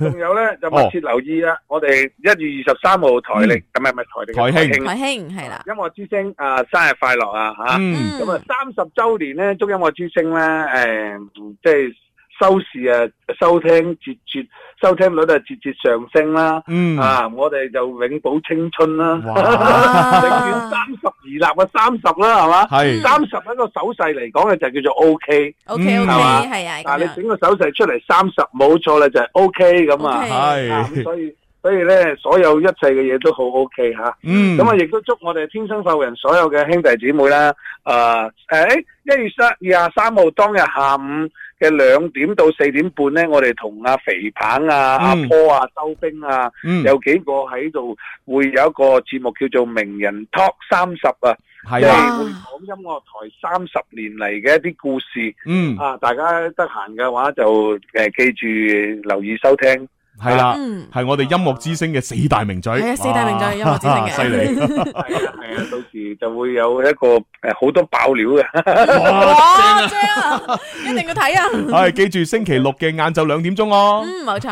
仲 有咧就密切留意啦，哦，我哋一月二十三號台曆，咁係咪台曆？台慶，台慶係啦。音樂之聲啊，生日快樂啊吓！咁啊，三、嗯、十、嗯嗯、周年咧，祝音樂之聲咧，誒、呃，即係。收視啊，收聽節節，收聽率就節節上升啦、啊。嗯，啊，我哋就永葆青春啦、啊。永遠 三十而立啊，三十啦，係嘛？係。三十喺個手勢嚟講嘅就叫做 O、OK, K。O K 係嘛？係啊。但係你整個手勢出嚟三十，冇錯啦，就係 O K 咁啊。係、okay. 嗯。所以，所以咧，所有一切嘅嘢都好 O K 吓。嗯。咁啊，亦都祝我哋天生壽人所有嘅兄弟姊妹啦、啊。誒、啊，誒、哎，一月三二啊三號當日下午嘅兩點到四點半咧，我哋同阿肥棒啊、嗯、阿波啊、周兵啊、嗯，有幾個喺度會有一個節目叫做《名人 Talk 三十》啊，即係、啊就是、會講音樂台三十年嚟嘅一啲故事。嗯，啊，大家得閒嘅話就誒記住留意收聽。係啦，係我哋音樂之聲嘅四大名嘴，係啊，四大名嘴，音樂之聲嘅，犀利係啊，係啊，到時就會有一個誒好多爆料嘅，哇，正啊，一定要睇啊，係記住星期六嘅晏晝兩點鐘哦，嗯，冇錯，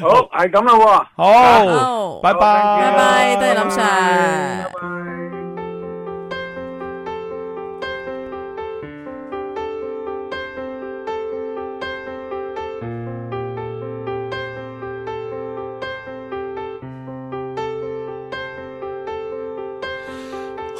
好，係咁啦，我好，拜拜，拜拜，多謝林 sir。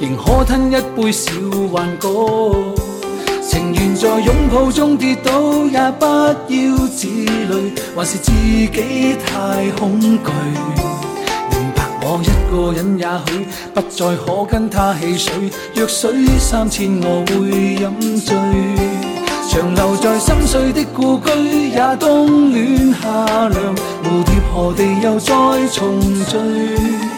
仍可吞一杯小幻歌，情願在擁抱中跌倒，也不要自累，還是自己太恐懼。明白我一個人也許不再可跟他戲水，若水三千我會飲醉，長留在心碎的故居，也冬暖夏涼，蝴蝶何地又再重聚？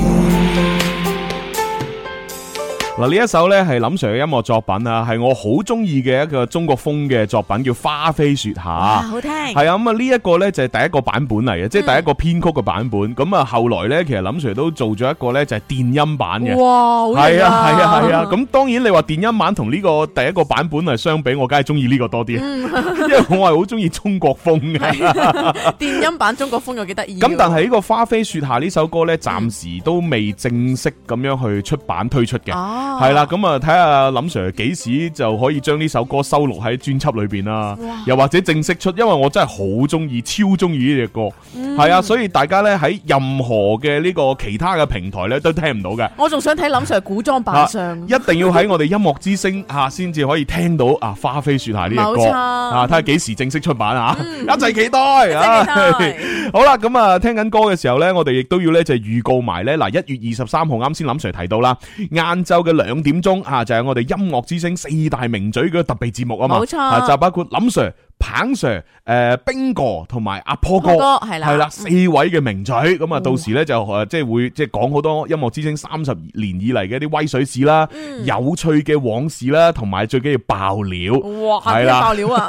嗱呢一首咧係林 sir 嘅音樂作品啊，係我好中意嘅一個中國風嘅作品，叫《花飛雪下》。好聽。係啊，咁啊呢一個咧就係第一個版本嚟嘅，即係第一個編曲嘅版本。咁啊、嗯、後來咧，其實林 sir 都做咗一個咧就係電音版嘅。哇，好啊！係啊，係啊，係啊！咁、嗯、當然你話電音版同呢個第一個版本係相比，我梗係中意呢個多啲。嗯、 因為我係好中意中國風嘅。嗯、 電音版中國風有幾得意？咁但係呢個《花飛雪下》呢首歌咧，暫時都未正式咁樣去出版推出嘅。啊係啦，咁啊，睇下林 Sir 幾時就可以將呢首歌收錄喺專輯裏邊啦，又或者正式出，因為我真係好中意，超中意呢隻歌，係、嗯、啊，所以大家咧喺任何嘅呢個其他嘅平台咧都聽唔到嘅。我仲想睇林 Sir 古裝版上，上、啊、一定要喺我哋音樂之聲吓先至可以聽到啊，花飛雪下呢隻歌啊，睇下幾時正式出版啊、嗯，一齊期待啊！待 好啦，咁啊，聽緊歌嘅時候咧，我哋亦都要咧就預告埋咧嗱，一月二十三號啱先林 Sir 提到啦，晏晝嘅。兩點鐘啊，就係我哋音樂之聲四大名嘴嘅特別節目啊嘛，冇錯，就係、包括林 Sir。彭 Sir、呃、誒冰、啊、哥同埋阿坡哥係啦，係啦，嗯、四位嘅名嘴，咁啊到時咧就誒即係會即係講好多音樂之聲三十年以嚟嘅一啲威水史啦、嗯嗯有趣嘅往事啦，同埋最緊要爆料，係啦，爆料啊！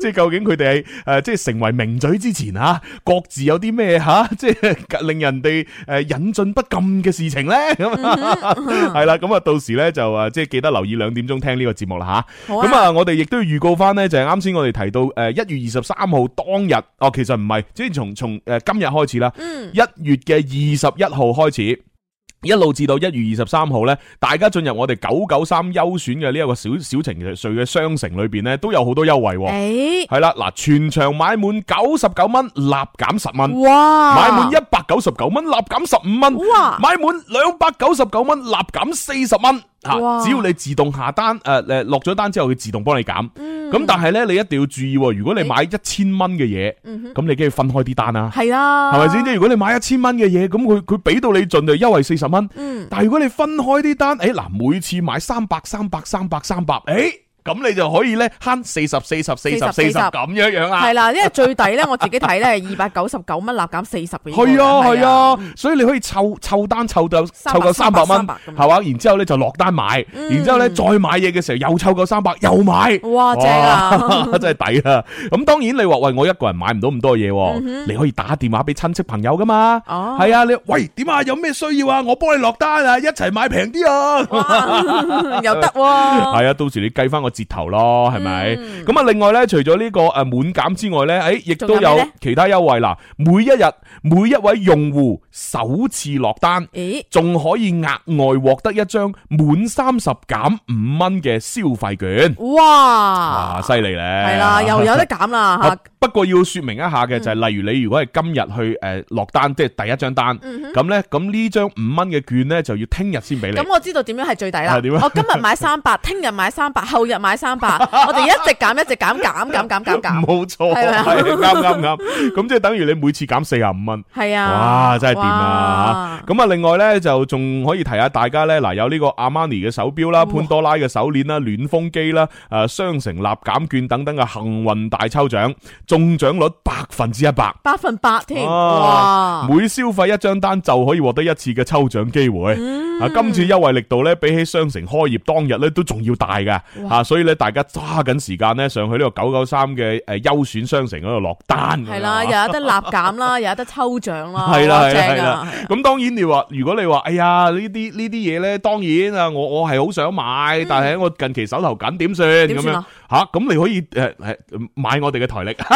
即係究竟佢哋係誒即係成為名嘴之前啊，各自有啲咩嚇？即係令人哋誒引進不禁嘅事情咧？咁、嗯、係、嗯、 啦，咁啊到時咧就誒即係記得留意兩點鐘聽呢個節目啦吓，咁啊，啊我哋亦都要預告翻咧，就係啱先我哋提。嚟到誒一月二十三號當日哦，其實唔係，即係從從誒今日開始啦。嗯，一月嘅二十一號開始，一路至到一月二十三號咧，大家進入我哋九九三優選嘅呢一個小小程序嘅商城裏邊咧，都有好多優惠。係啦，嗱，全場買滿九十九蚊立減十蚊，哇！買滿一百九十九蚊立減十五蚊，哇！買滿兩百九十九蚊立減四十蚊。啊、只要你自動下單，誒誒落咗單之後，佢自動幫你減。咁、嗯、但係咧，你一定要注意，如果你買一千蚊嘅嘢，咁、嗯、你梗要分開啲單啊？係啦、啊，係咪先？即如果你買一千蚊嘅嘢，咁佢佢俾到你盡量優惠四十蚊。嗯，但係如果你分開啲單，誒、欸、嗱，每次買三百三百三百三百，誒。咁你就可以咧，慳四十四十四十四十咁樣樣啊？係啦，因為最抵咧，我自己睇咧，二百九十九蚊，立減四十嘅。係 啊，係啊，所以你可以湊湊單湊到湊夠三百蚊，係嘛？然之後咧，就落單買，嗯、然之後咧再買嘢嘅時候又湊夠三百又買哇。哇，正啊，真係抵啊！咁 當然你話喂，我一個人買唔到咁多嘢，嗯，你可以打電話俾親戚朋友噶嘛？哦、啊，係啊，你喂點啊？有咩需要啊？我幫你落單啊，一齊買平啲啊！又得喎，啊，係 啊，到時你計翻我。折頭咯，係、嗯、咪？咁啊，另外呢，除咗呢、這個誒滿減之外呢，誒、欸，亦都有其他優惠啦。每一日每一位用戶首次落單，仲可以額外獲得一張滿三十減五蚊嘅消費券。哇！犀利咧，係啦、啊，又有得減啦吓。 啊不過要說明一下嘅就係、是，例如你如果係今日去誒落單，即係第一張單，咁咧咁呢張五蚊嘅券咧就要聽日先俾你。咁我知道點樣係最抵啦。我今日買三百，聽日買三百，後日買三百，我哋一直減，一直減，減減減減減。冇錯，係咪？啱啱啱。咁 即係等於你每次減四十五蚊。係啊。哇，真係掂啊！咁啊，另外咧就仲可以提下大家咧，嗱有呢個阿瑪尼嘅手表啦、潘多拉嘅手鏈啦、暖風機啦、誒雙城立減券等等嘅幸運大抽獎。中獎率百分之一百，百分百添，哇、啊！每消費一張單就可以獲得一次嘅抽獎機會，嗯。啊，今次優惠力度咧，比起商城開業當日咧，都仲要大噶吓，啊，所以咧大家揸緊時間咧，上去呢個九九三嘅誒優選商城嗰度落單。係、啊、啦，又有得立減啦，又 有得抽獎啦，係 啦，正啊，咁、啊、當然你話，如果你話，哎呀這些這些東西呢啲呢啲嘢咧，當然啊，我我係好想買，嗯，但係我近期手頭緊，點算咁樣吓？咁、啊、你可以誒、啊、買我哋嘅台曆。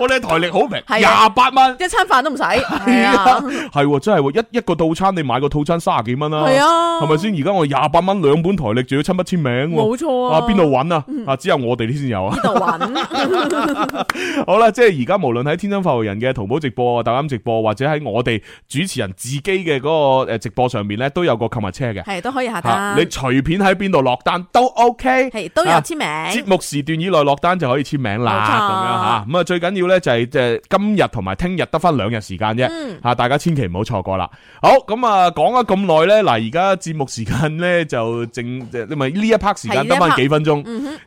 我哋台曆好平，廿八蚊一餐飯都唔使，係、啊啊 啊，真係、啊、一一個套餐你買個套餐三十幾蚊啦，係啊，係咪先？而家我廿八蚊兩本台曆，仲要親筆簽名，冇錯啊！邊度搵啊，啊，啊、嗯？啊，只有我哋呢先有啊！邊度搵？好啦、啊，即係而家無論喺天津發貨人嘅淘寶直播、抖音直播，或者喺我哋主持人自己嘅嗰個誒直播上面咧，都有個購物車嘅，係都可以下單。啊、你隨便喺邊度落單都 OK，係都有簽名。節、啊、目時段以內落單就可以簽名啦，咁樣吓，咁啊、嗯、最緊要。咧就係即係今日同埋聽日得翻兩日時間啫，吓大家千祈唔好錯過啦。好咁啊，講咗咁耐咧，嗱，而家節目時間咧就淨，你咪呢一 part 時間得翻幾分鐘。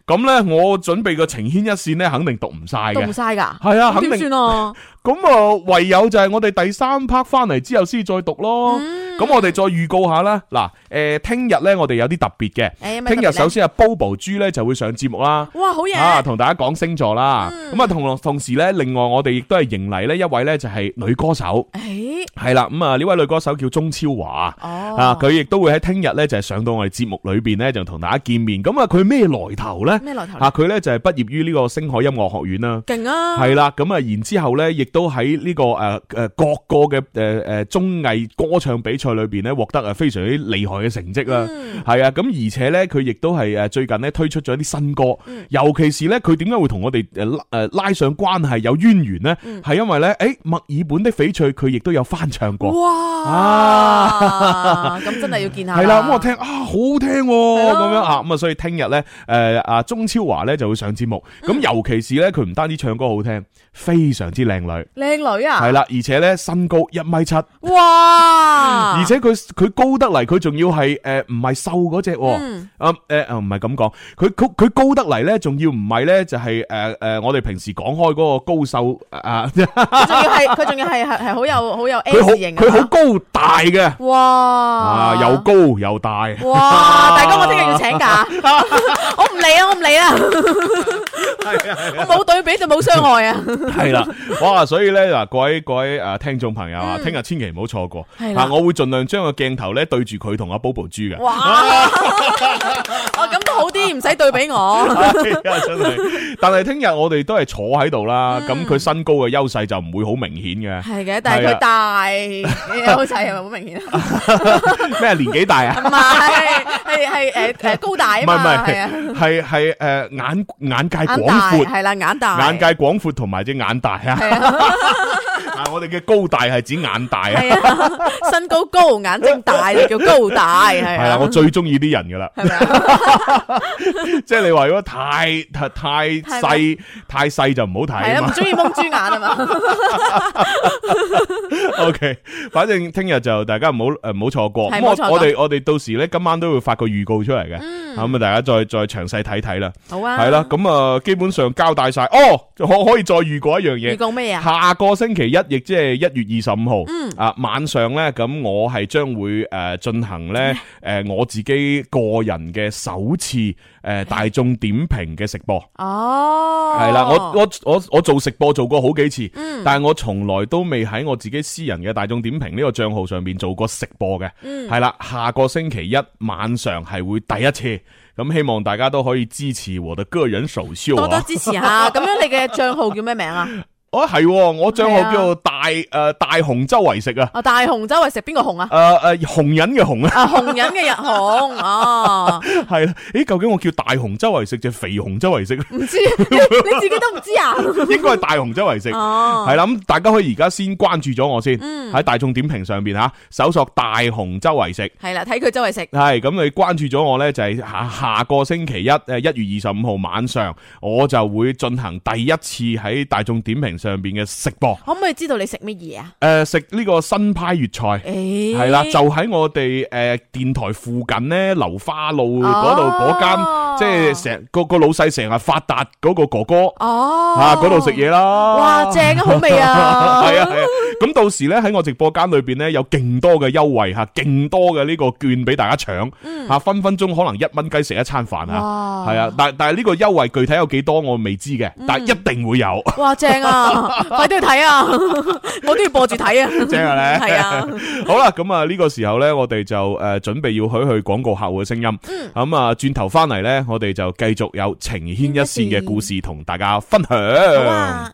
咁咧我準備個情牽一綫咧，肯定讀唔晒嘅，讀唔晒噶，係啊，肯定點算啊？咁啊，唯有就係我哋第三 part 翻嚟之後先再讀咯。咁、嗯、我哋再預告下啦。嗱、呃，誒，聽日咧我哋有啲特別嘅。聽日首先啊，Bobo 豬咧就會上節目啦。哇，好嘢！啊，同大家講星座啦。咁、嗯、啊，同同時咧，另外我哋亦都係迎嚟呢一位咧就係女歌手。誒、欸，係啦。咁啊，呢位女歌手叫鍾超華。哦，啊，佢亦都會喺聽日咧就係上到我哋節目裏邊咧就同大家見面。咁啊，佢咩來頭咧？咩來頭呢？啊，佢咧就係畢業於呢個星海音樂學院啦。勁啊！係啦，咁啊，然之後咧亦都喺呢、這個誒誒、呃、各個嘅誒誒綜藝歌唱比賽裏邊咧，獲得誒非常之厲害嘅成績啦。係、嗯、啊，咁而且咧，佢亦都係誒最近咧推出咗一啲新歌、嗯，尤其是咧，佢點解會同我哋誒誒拉上關係有淵源咧？係、嗯、因為咧，誒墨爾本的翡翠佢亦都有翻唱過。哇！咁、啊、真係要見下係啦。咁、 啊、我聽啊，好好聽咁樣啊。咁啊，所以聽日咧，誒啊鍾超華咧就會上節目。咁、嗯、尤其是咧，佢唔單止唱歌好聽，非常之靚女。靚女啊，係啦，而且咧身高一米七，哇！而且佢佢高得嚟，佢仲要係誒唔係瘦嗰隻，啊誒唔係咁講，佢佢佢高得嚟咧，就是，仲要唔係咧就係誒誒，我哋平時講開嗰個高瘦啊，仲要係佢仲要係係係好有好有 A 字型，佢好高大嘅，哇！啊又高又大，哇！哇，大哥我聽日要請假。 我唔嚟 啊！我唔嚟啊！係啊！我冇對比就冇傷害啊！係啦，哇！所以咧嗱，各位各位誒聽眾朋友、嗯、啊，聽日千祈唔好錯過。係啦，我會盡量將個鏡頭咧對住佢同阿寶寶豬嘅。哇 唔使對比我，真係。但係聽日我哋都係坐喺度啦，咁佢身高嘅優勢就唔會好明顯嘅。係嘅，但係佢大嘅優勢係咪好明顯啊？咩年紀大啊？唔係，係係誒誒高大啊嘛。唔係唔係，係係誒眼眼界廣闊。係啦，眼大。眼界廣闊同埋隻眼大啊。啊！我哋嘅高大係指眼大啊，係啊，身高高 眼睛大就叫高大係。係啊，啊，我最中意啲人噶啦、啊，即係你話如果太太細太細就唔好睇啊不喜歡眼眼嘛，唔中意蒙豬眼啊嘛。OK，反正聽日就大家唔好誒，唔好錯過。我哋我哋到時咧今晚都會發個預告出嚟嘅，咁、嗯、啊大家再再詳細睇睇啦。好啊，係啦、啊，咁啊、呃、基本上交代晒。哦，可可以再預告一樣嘢。預告咩啊？下個星期一。亦即係一月二十五號啊，晚上咧，咁我係將會誒進、呃、行咧誒、呃、我自己個人嘅首次誒、呃、大眾點評嘅食播。哦，係啦，我我我我做食播做過好幾次，嗯、但係我從來都未喺我自己私人嘅大眾點評呢個賬號上面做過食播嘅。係、嗯、啦，下個星期一晚上係會第一次，咁希望大家都可以支持我的個人首秀，多多支持下。咁 樣你嘅賬號叫咩名啊？ 哦、係我係我賬號叫做大誒、呃、大紅周圍食啊！啊大紅周圍食邊個紅啊？誒誒紅人嘅紅啊！啊紅人嘅日紅 哦，係啦！究竟我叫大紅周圍食定肥紅周圍食啊？唔知 你自己都唔知啊？應該係大紅周圍食，係啦，咁大家可以而家先關注咗我先，喺、嗯、大眾點評上邊吓、啊、搜索大紅周圍食，係啦，睇佢周圍食。係咁、嗯、你關注咗我咧就係、係、下下個星期一誒一月二十五號晚上我就會進行第一次喺大眾點評。上邊嘅食播，可唔可以知道你食乜嘢啊？誒、呃，食呢個新派粵菜，係、欸、啦，就喺我哋誒電台附近咧，流花路嗰度嗰間，即係成個個老細成日發達嗰個哥哥哦，吓嗰度食嘢啦，哇，正啊，好味啊，係啊係啊，咁到時咧喺我直播間裏邊咧有勁多嘅優惠吓，勁多嘅呢個券俾大家搶、嗯啊，分分鐘可能一蚊雞食一餐飯啊，係、哦、啊，但但係呢個優惠具體有幾多我未知嘅、嗯，但係一定會有，哇，正啊！我都要睇啊！我都要播住睇啊！ 正咧，係啊！好啦，咁啊呢個時候咧，我哋就誒準備要去去廣告客戶嘅聲音。咁、嗯、啊，轉頭翻嚟咧，我哋就繼續有情牽一線嘅故事同大家分享。嗯嗯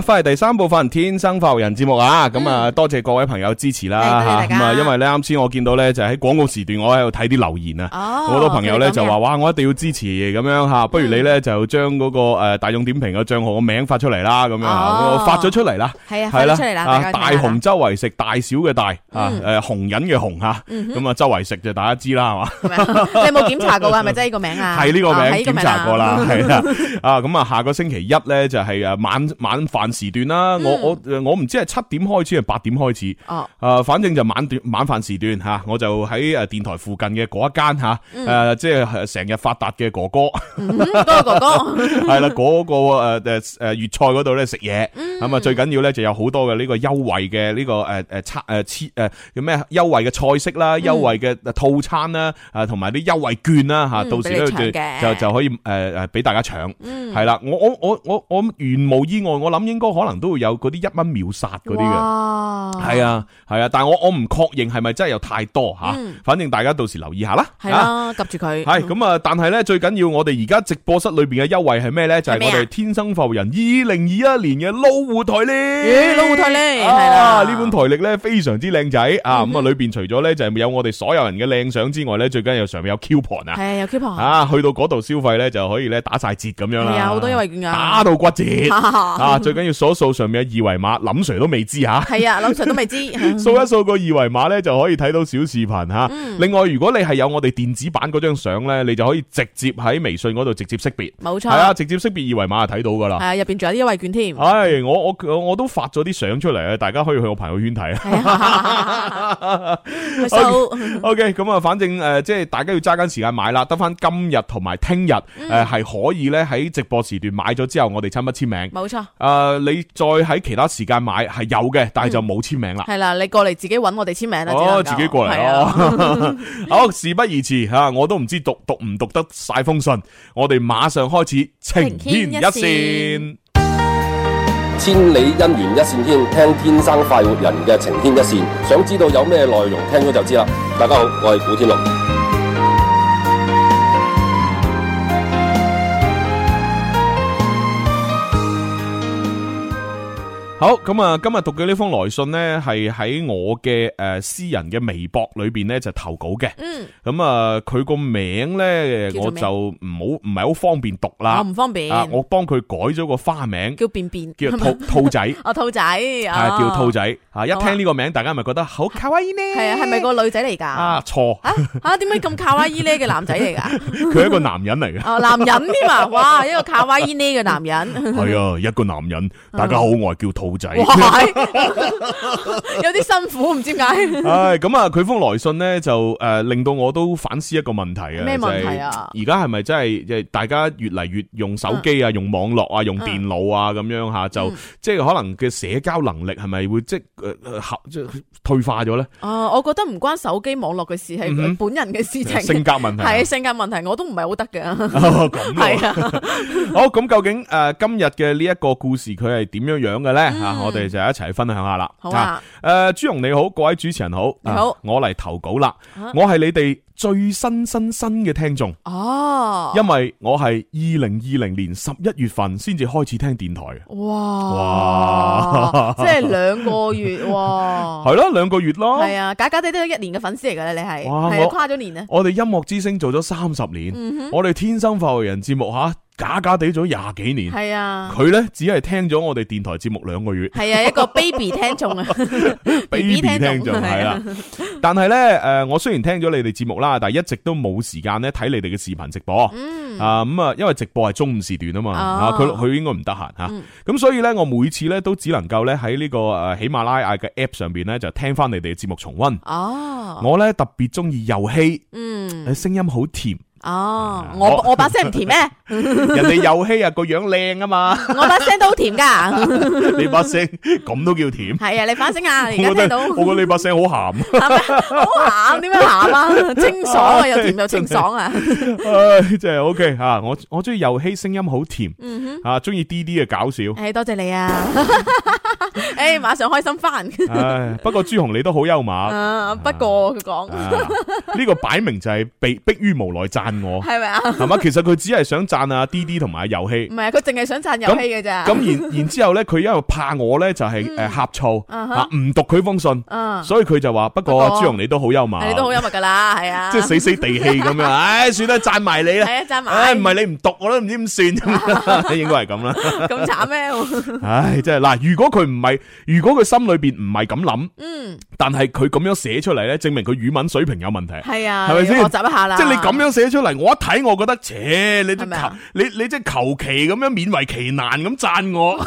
翻嚟第三部分《天生發福人》節目啊！咁啊，多謝各位朋友支持啦。咁啊，因為咧啱先我見到咧就喺、是、廣告時段，我喺度睇啲留言啊。好、哦、多朋友咧就話、嗯：哇，我一定要支持咁樣嚇、嗯。不如你咧就將嗰個誒大眾點評嘅賬號個名發出嚟啦。咁、哦、樣我發咗出嚟啦。係啊，發咗出嚟啦、啊啊啊。大紅周圍食大小嘅大、嗯、啊，誒紅人嘅紅嚇。咁、嗯、啊，周圍食就大家知啦，係、嗯、嘛？ 你有冇檢查過係咪真係呢個名啊？係呢個名、哦、檢查過啦，係啊。是啊咁 啊，下個星期一咧就係、是、誒晚晚飯飯時段啦，我我我唔知係七點開始定八點開始，啊、哦，反正就晚段晚飯時段吓，我就喺誒電台附近嘅一間吓，誒、嗯呃，即係成日發達嘅哥哥，嗯、嗰個哥哥係啦， 嗰個誒誒誒粵菜度咧食嘢，咁、嗯、啊最緊要咧就有好多嘅呢個優惠嘅呢、呢個誒誒誒誒叫咩優惠嘅菜式啦，優惠嘅套餐啦，啊同埋啲優惠券啦吓、嗯，到時咧就就就,就可以誒誒俾大家搶，係、嗯、啦，我我我我我原無意外，我諗。應該可能都會有嗰啲一蚊秒殺嗰啲嘅，係啊係啊，但係我我唔確認係咪真係有太多吓、嗯，反正大家到時留意一下啦，吓夾住佢係咁啊！啊是嗯、但係咧最緊要我哋而家直播室裏邊嘅優惠係咩咧？就係、是、我哋天生浮人二零二一年嘅撈活台咧，撈活台咧啊！呢、啊啊啊啊啊、本台曆咧非常之靚仔啊！咁、嗯、啊、嗯、裏邊除咗咧就係、是、有我哋所有人嘅靚相之外咧，最緊要上面有 Q 盤啊，係、啊、有 c o 啊，啊！去到嗰度消費咧就可以咧打晒折咁樣啦，係好多優惠券啊，打到骨折啊， 啊！最要掃一掃上面嘅二維碼，林 Sir 都未知吓，係啊，林 Sir 都未知。掃 一掃個二維碼咧，就可以睇到小視頻吓、嗯。另外，如果你係有我哋電子版嗰張相咧，你就可以直接喺微信嗰度直接識別，冇錯。係啊，直接識別二維碼就睇到噶啦。係，入邊仲有啲優惠券添。係，我我我都發咗啲相出嚟啊，大家可以去我朋友圈睇啊。O K，咁啊， okay, okay, 反正誒，即、呃、係大家要揸緊時間買啦，得翻今日同埋聽日誒，係、嗯呃、可以咧喺直播時段買咗之後，我哋親筆簽名。冇錯。呃誒，你再喺其他時間買係有嘅，但係就冇簽名啦。係、嗯、啦，你過嚟自己揾我哋簽名啦、哦，自己過嚟。咯 好，事不宜遲吓，我都唔知讀唔讀，讀得晒封信。我哋馬上開始晴天，天一線，千里姻緣一線牽，聽天生快活人嘅晴天一線，想知道有咩內容，聽咗就知啦。大家好，我係古天樂。好咁啊！今日讀嘅呢封來信呢，係喺我嘅誒私人嘅微博裏邊呢，就是、投稿嘅。嗯。咁啊，佢個名咧我就唔好唔係好方便讀啦。我、哦、唔方便。啊，我幫佢改咗個花名，叫便便，叫兔兔仔、 哦。兔仔。叫兔仔。一聽呢個名、啊，大家咪覺得好卡哇伊呢？係啊，係咪個女仔嚟噶？啊錯。啊點解咁卡哇伊呢？嘅男仔嚟噶？佢係一個男人嚟嘅。哦，男人添、啊、嘛？哇，一個卡哇伊呢嘅男人。係啊，一個男人。大家好，我、嗯、叫兔。仔，有啲辛苦，唔知解。唉，咁啊，佢封來信咧，就誒令到我都反思一個問題啊。咩問題啊？而家係咪真係即係大家越嚟越用手機啊，用網絡啊，用電腦啊，咁樣吓，就即係可能嘅社交能力係咪會即係誒合即係退化咗咧？啊，我覺得唔關手機網絡嘅事，係本人嘅事情，性格問題係性格問題，我都唔係好得嘅。咁係啊。好，咁究竟誒今日嘅呢一個故事，佢係點樣樣嘅咧？嗯啊，我哋就一齊分享下啦。好啊，啊，誒，朱榮你好，各位主持人好。好我，啊，我嚟投稿啦。我係你哋。最新新新嘅聽眾哦、啊，因為我係二零二零年十一月份先至開始聽電台哇，哇，即係兩個月哇，係 咯，兩個月咯，係啊，假假地都一年嘅粉絲嚟噶啦，你係係跨咗年啊！了年了我哋音樂之聲做咗三十年，嗯、我哋天生化為人節目吓假假地做咗廿幾年，係啊，佢咧只係聽咗我哋電台節目兩個月，係啊，一個 baby 聽眾啊 ，baby 聽眾眾係 啊， 但係咧誒，我雖然聽咗你哋節目但係一直都冇時間咧睇你哋嘅視頻直播啊，咁、嗯、啊、呃，因為直播係中午時段、哦嗯、啊嘛，啊佢佢應該唔得閒吓，咁所以呢，我每次呢都只能夠呢喺呢個誒喜馬拉雅嘅 app 上邊、哦、呢，就聽翻你哋嘅節目重溫哦，我呢特別中意遊戲，嗯，聲音好甜。哦，啊、我我把聲唔甜咩？人哋遊戲啊個 樣靚啊嘛，我把聲都好甜噶。 你把聲咁都叫甜？係啊，你把聲啊，而家聽到。我覺得你把聲好鹹，好鹹點樣鹹啊？清爽啊，啊，又甜又清爽啊、哎！唉，真係、 哎、OK 吓、啊，我我中意遊戲聲音好甜。鍾中意 D D 嘅搞笑。係、哎、多謝你啊！ 誒、哎，馬上開心翻。不過朱紅你都好幽默。不過佢講呢個擺明就係被逼於無奈讚我，係咪啊？係嘛，其實佢只係想讚啊 D D 同埋遊戲。唔係，佢淨係想讚遊戲嘅咋。咁然然之後咧，佢因為怕我咧就係誒呷醋唔讀佢封信、啊，所以佢就話：，不過，不過朱紅你都好幽默。你都好幽默噶啦，係啊。即 係死死地氣咁、哎哎哎啊啊、 樣，唉，算啦，讚埋你啦。埋。唉，唔係你唔讀我都唔知點算，應該係咁啦。咁慘咩？唉，真係嗱，如果佢。唔係，如果佢心裏邊唔係咁諗，嗯，但係佢咁樣寫出嚟咧，證明佢語文水平有問題，係啊，係咪先？學習一下啦，即係你咁樣寫出嚟，我一睇我覺得，切，你啲求你你即係求其咁樣勉為其難咁讚我。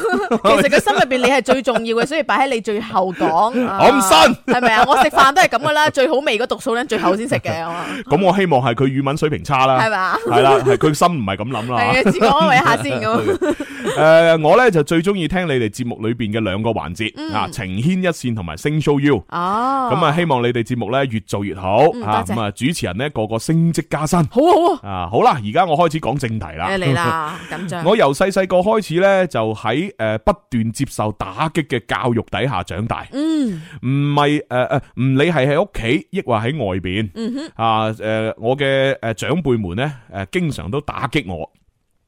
其實佢心入邊你係最重要嘅。 所以擺喺你最後講。我唔信，係咪啊？我食飯都係咁噶啦，最好味嗰毒素咧最後先食嘅。咁、啊、 我希望係佢語文水平差啦，係嘛？係啦、啊，係佢心唔係咁諗啦。你先講我安慰一下先咁。誒、 啊，我咧就最中意聽你哋節目裏邊嘅兩。兩個環節、嗯呃哦、啊，情牽一線同埋星 show 腰哦，咁啊希望你哋節目咧越做越好咁、嗯、啊主持人咧個個升職加薪、啊，好啊，啊好啦，而家我開始講正題啦，嚟啦 我由細細個開始咧就喺誒、呃、不斷接受打擊嘅教育底下長大，嗯，唔係誒誒唔理係喺屋企抑或喺外邊、嗯，啊誒、呃、我嘅誒、呃、長輩們咧誒、呃、經常都打擊我。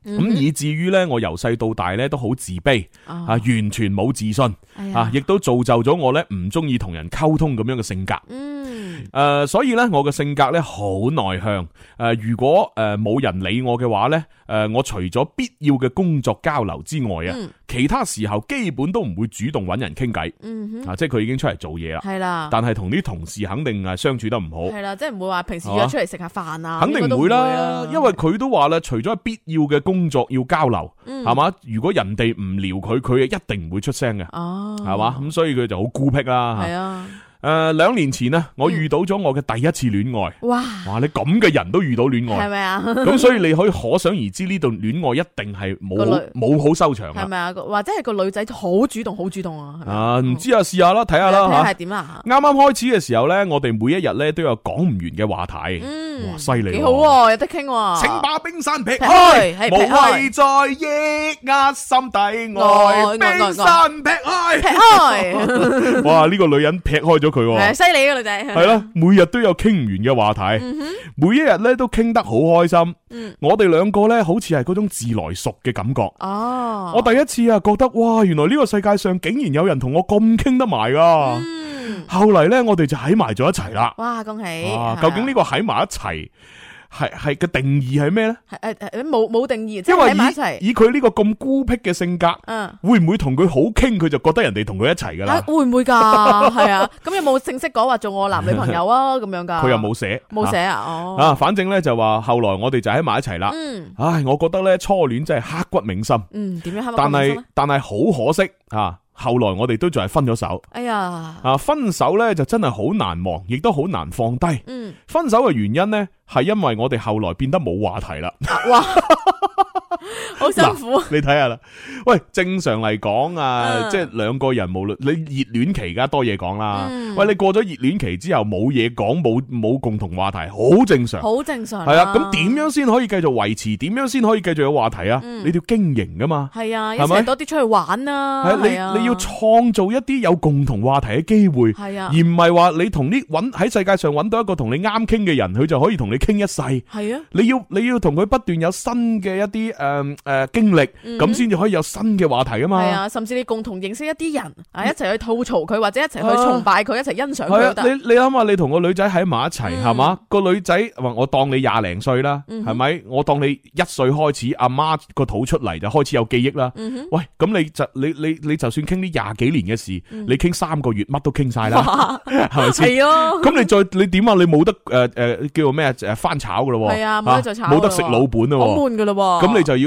咁、嗯、以至於咧，我由細到大咧都好自卑，啊、哦，完全冇自信，啊、哎，亦都造就咗我咧唔中意同人溝通咁樣嘅性格。嗯誒、呃，所以咧，我嘅性格咧好內向。誒、呃，如果誒冇、呃、人理我嘅話咧，誒、呃，我除咗必要嘅工作交流之外啊、嗯，其他時候基本都唔會主動揾人傾偈。嗯哼，啊，即係佢已經出嚟做嘢啦。係啦。但係同啲同事肯定啊相處得唔好。係啦，即係唔會話平時約出嚟食下飯啊。肯定唔會啦，會啦，因為佢都話咧，除咗必要嘅工作要交流，係、嗯、嘛？如果人哋唔撩佢，佢一定唔會出聲嘅。哦、啊。係嘛？咁所以佢就好孤僻啦。係啊。誒、呃，兩年前呢，我遇到咗我嘅第一次戀愛、嗯。哇！哇，你咁嘅人都遇到戀愛，係咪啊？咁 所以你可以可想而知呢段戀愛一定係冇冇好收場的是不是、啊。係咪啊？或者係個女仔好主動，好主動啊？是不是啊，唔、嗯、知道試試看看看看啊，試下啦，睇下啦吓。睇下點啊？啱啱開始嘅時候咧，我哋每一日咧都有講唔完嘅話題。嗯，哇，犀利、哦，幾好、啊，有得傾、啊。請把冰山劈開，無謂再抑壓心底愛。冰山劈開，劈開。劈開哇！呢、這個女人劈開咗。係犀利嘅女仔，係咯，每日都有傾唔完嘅話題，嗯、每一日咧都傾得好開心。嗯、我哋兩個咧，好似係嗰種自來熟嘅感覺。哦，我第一次啊，覺得哇，原來呢個世界上竟然有人同我咁傾得埋噶、嗯。後嚟呢，我哋就喺埋咗一齊啦。哇，恭喜！究竟呢個喺埋一齊？係係個定義係咩咧？誒誒，冇冇定義，因為即係喺埋一齊。以佢呢個咁孤僻嘅性格，嗯、啊，會唔會同佢好傾？佢就覺得人哋同佢一齊噶啦。會唔會噶？係 啊，咁有冇正式講話做我男女朋友啊？咁樣噶？佢又冇寫，冇寫啊？哦、啊啊，啊，反正咧就話後來我哋就喺埋一齊啦。嗯，唉，我覺得咧初戀真係刻骨銘心。嗯，點樣刻骨銘心？但係但係好可惜、啊後來我哋都仲係分咗手，哎呀，啊，分手呢就真係好難忘，亦都好難放低。嗯，分手嘅原因呢，係因為我哋後來變得冇話題啦。好 辛苦、啊，你睇下啦。喂，正常嚟講啊，嗯、即係兩個人無論你熱戀期而家多嘢講啦。嗯、喂，你過咗熱戀期之後冇嘢講，冇冇共同話題，好正常，好正常、啊。係啊，咁點樣先可以繼續維持？點樣先可以繼續有話題啊？嗯、你要經營噶嘛？係啊，一齊多啲出去玩啊。係啊，你，啊你要創造一啲有共同話題嘅機會。係啊，而你你，而唔係話你同啲搵喺世界上搵到一個同你啱傾嘅人，佢就可以同你傾一世。係啊，你要你要同佢不斷有新嘅一啲誒。呃誒、嗯、呃、經歷咁先至可以有新嘅話題啊嘛，係啊，甚至你共同認識一啲人，mm -hmm. 一齊去吐槽佢，或者一齊去崇拜佢，uh -huh. 一齊欣賞佢、啊。你你諗下，你同個女仔喺埋一齊係嘛？Mm -hmm. 個女仔話我當你廿零歲啦，係、mm、咪 -hmm.？我當你一歲開始阿媽個肚出嚟就開始有記憶啦。Mm -hmm. 喂，咁你就你你你，你就算傾呢廿幾年嘅事，mm -hmm. 你傾三個月乜都傾晒啦，係咪先？啊，咁你再你點啊？你冇得誒誒，叫做咩啊？翻炒噶咯，係啊，冇得食老本啊好悶噶咯，咁你就要。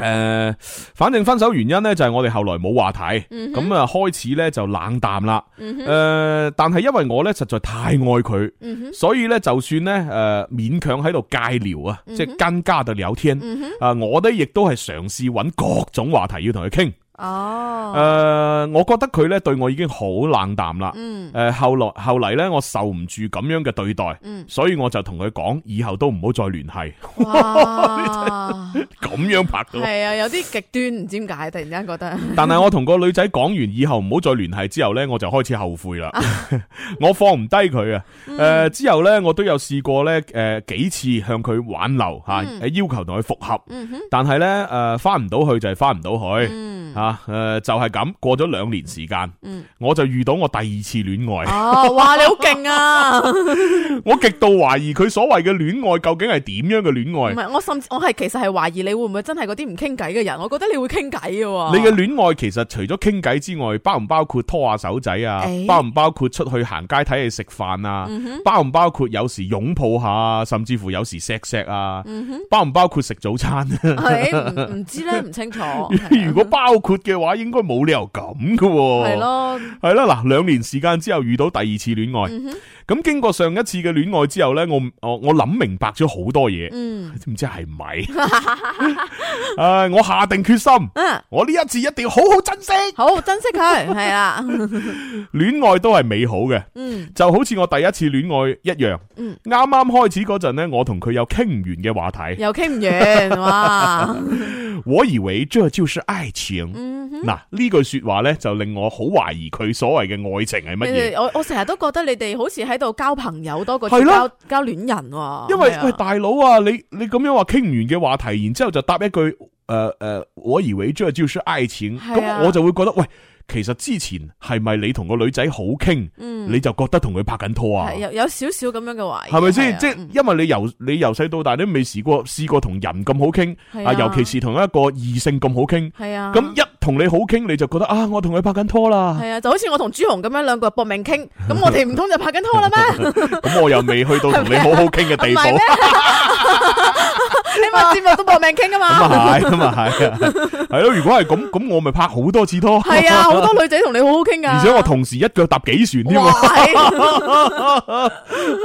誒、呃，反正分手原因呢，就係我哋後來冇話題，咁、嗯、啊開始呢就冷淡啦。誒、嗯呃，但係因為我呢實在太愛佢、嗯，所以呢就算呢誒勉強喺度尬聊啊、嗯，即係跟家度聊天，啊、嗯，我咧亦都係嘗試揾各種話題要同佢傾。哦、呃，誒，我覺得佢咧對我已經好冷淡啦。嗯、呃，誒，後來後嚟咧，我受唔住咁樣嘅對待，嗯，所以我就同佢講，以後都唔好再聯繫。哇 咁樣拍到係啊，有啲極端，唔知點解突然間覺得。但係我同個女仔講完以後唔好再聯繫之後咧，我就開始後悔啦。啊、 我放唔低佢啊，誒、嗯呃，之後咧我都有試過咧，誒、呃、幾次向佢挽留吓，嗯、要求同佢復合，嗯、但係咧誒翻唔到去就係翻唔到去，嗯誒、呃，就係、是、咁過咗兩年時間、嗯，我就遇到我第二次戀愛。哦，哇，你好勁啊！ 我極度懷疑佢所謂嘅戀愛究竟係點樣嘅戀愛？唔係，我甚至我係其實係懷疑你會唔會真係嗰啲唔傾偈嘅人？我覺得你會傾偈嘅。你嘅戀愛其實除咗傾偈之外，包唔包括拖下手仔啊？包、欸、唔包括出去行街睇嘢食飯啊？包、嗯、唔包括有時擁抱下，甚至乎有時錫錫啊？包、嗯、唔包括食早餐、啊？係唔知咧，唔清楚。如果包括。嘅話應該冇理由咁噶喎，係咯，係啦，嗱，兩年時間之後遇到第二次戀愛、嗯。咁經過上一次嘅戀愛之後呢，我我我諗明白咗好多嘢，知唔知係咪？誒，我下定決心，我呢一次一定要好好珍惜，好珍惜佢，係啦。戀愛都係美好嘅，就好似我第一次戀愛一樣。啱啱開始嗰陣呢，我同佢有傾唔完嘅話題，又傾唔完哇！我以為這就是愛情。嗱，呢句說話呢，就令我好懷疑佢所謂嘅愛情係乜嘢。我我成日都覺得你哋好似喺度交朋友多過、啊、交交戀人、啊，因為、啊、喂大佬啊，你你咁樣話傾唔完嘅話題，然之後就答一句誒誒、呃呃，我以為將要數愛情，咁、啊、我就會覺得喂，其實之前係咪你同個女仔好傾？嗯、你就覺得同佢拍緊拖啊？係啊，有有少少咁樣嘅懷疑，係咪先？啊、即係因為你由你由細到大你試，你未試過試過同人咁好傾啊，啊，尤其是同一個異性咁好傾，係啊，咁一。同你好傾，你就覺得啊，我同佢拍緊拖啦。係啊，就好似我同朱紅咁樣，兩個人搏命傾，咁我哋唔通就拍緊拖啦咩？咁 我又未去到同你好好傾嘅地步。是 是嗎你咪節目都搏命傾噶嘛？ 咁啊係，咁啊係啊，係咯。如果係咁，咁我咪拍好多次拖。係啊，好多女仔同你好好傾噶。而且我同時一腳踏幾船添。哇，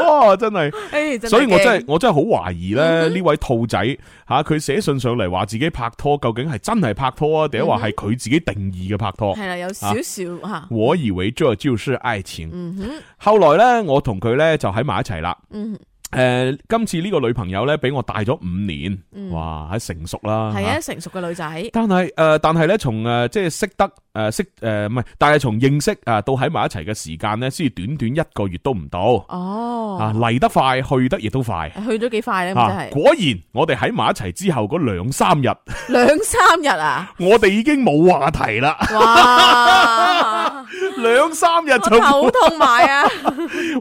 哇，真係。欸、真所以我，我真係我真係好懷疑咧，呢、嗯、哼位兔仔吓，佢、啊、寫信上嚟話自己拍拖，究竟係真係拍拖啊，定話係佢自己定義嘅拍拖？係、嗯、哼啊，有少少吓。我以為這就是愛情。嗯、哼後來咧，我同佢咧就喺埋一齊啦。嗯。誒、呃，今次呢個女朋友咧，比我大咗五年，嗯、哇，喺成熟啦，係啊，成熟嘅女仔。但係誒、呃，但係咧，從、呃、誒即係識得誒、呃、識誒，唔、呃、係，但係從認識啊到喺埋一齊嘅時間咧，先至短短一個月都唔到。哦，啊嚟得快，去得亦都快，去咗幾快咧？真、啊、係。果然，我哋喺埋一齊之後嗰兩三日，兩三日啊，我哋已經冇話題啦。兩三日就頭痛埋啊！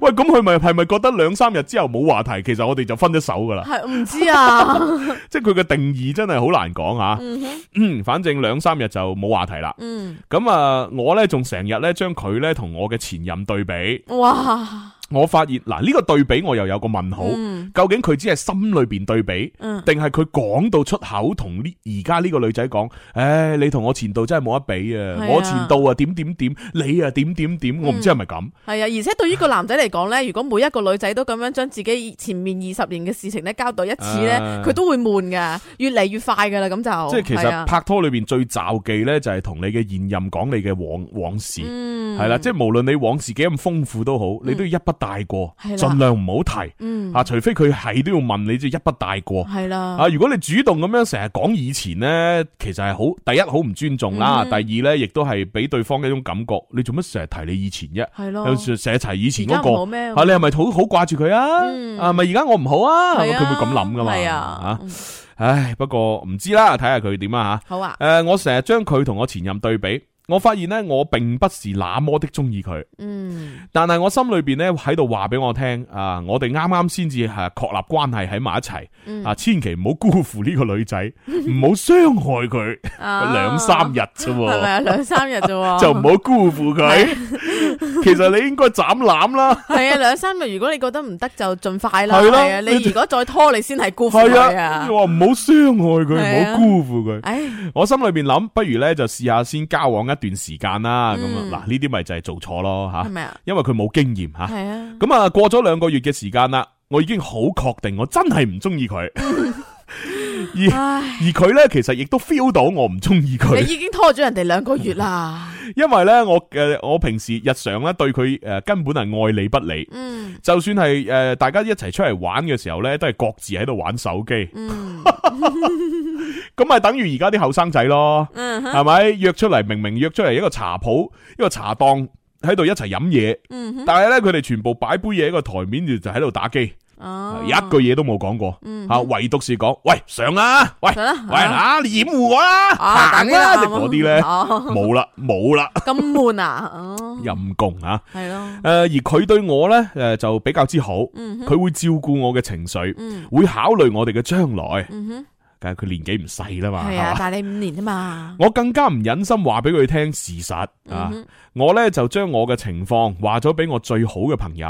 喂，咁佢咪係咪覺得兩三日之後冇話題？其實我哋就分咗手噶啦。係唔知啊？ 即係佢嘅定義真係好難講吓。嗯哼，嗯，反正兩三日就冇話題啦。嗯，咁啊，我咧仲成日咧將佢咧同我嘅前任對比。哇！我發現嗱呢、這個對比我又有個問號，嗯、究竟佢只係心裏邊對比，定係佢講到出口同呢而家呢個女仔講？誒，你同我前度真係冇得比啊！我前度啊點點點，你啊點點點，我唔知係咪咁。係、嗯、啊，而且對於個男仔嚟講呢，如果每一個女仔都咁樣將自己前面二十年嘅事情交代一次呢，佢都會悶噶，越嚟越快噶啦咁就。即係其實拍拖裏邊最找忌呢，就係同你嘅現任講你嘅往往事，係、嗯、啦、啊，即係無論你往事幾咁豐富都好、嗯，你都要一筆。帶過，盡量唔好提，啊、嗯，除非佢係都要問你，即係一筆帶過，係啦，啊，如果你主動咁樣成日講以前咧，其實係好第一好唔尊重啦、嗯，第二咧亦都係俾對方嘅一種感覺，你做乜成日提你以前啫？係咯，有時寫齊以前嗰、那個，吓，你係咪好好掛住佢啊？係咪而家我唔好啊？佢會咁諗噶嘛？啊，唉，不過唔知啦，睇下佢點啊吓。好啊，誒、啊，我成日將佢同我前任對比。我發現咧，我並不是那麼的中意佢。嗯，但係我心裏邊咧喺度話俾我聽啊，我哋啱啱先至係確立關係喺埋一齊，啊，千祈唔好辜負呢個女仔，唔好傷害佢。兩三日啫，係咪啊？兩三日啫，就唔好辜負佢。其實你應該斬纜啦。係啊，兩三日如果你覺得唔得就盡快啦。係啊，你如果再拖你先係辜負。係啊，我話唔好傷害佢，唔好辜負佢。唉，我心裏邊諗，不如咧就試下先交往一。一段時間啦，咁啊，嗱呢啲咪就係做錯咯，吓，因為佢冇經驗吓，咁啊過咗兩個月嘅時間啦，我已經好確定我真係唔中意佢，而而佢呢，其實亦都 feel 到我唔中意佢，你已經拖咗人哋兩個月啦，嗯，因為呢，我誒我平時日常呢對佢誒根本係愛理不理，嗯，就算係誒大家一齊出嚟玩嘅時候呢，都係各自喺度玩手機。嗯 咁咪等於而家啲後生仔咯，係、嗯、咪約出嚟？明明約出嚟一個茶鋪，一個茶檔喺度一齊飲嘢，但係咧佢哋全部擺杯嘢喺個台面就喺度打機、哦啊，一句嘢都冇講過，吓、嗯啊、唯獨是講喂上啦、啊，喂、嗯、喂、啊啊、你掩護我啦，行啦嗰啲咧冇啦冇啦，咁悶啊陰功、哦、啊係咯，誒、哦 啊嗯、而佢對我咧誒就比較之好，佢、嗯、會照顧我嘅情緒、嗯，會考慮我哋嘅將來。嗯哼但佢年紀唔細啦嘛，係啊，大你五年啫嘛。我更加唔忍心話俾佢聽事實啊、嗯，我呢就將我嘅情況話咗俾我最好嘅朋友，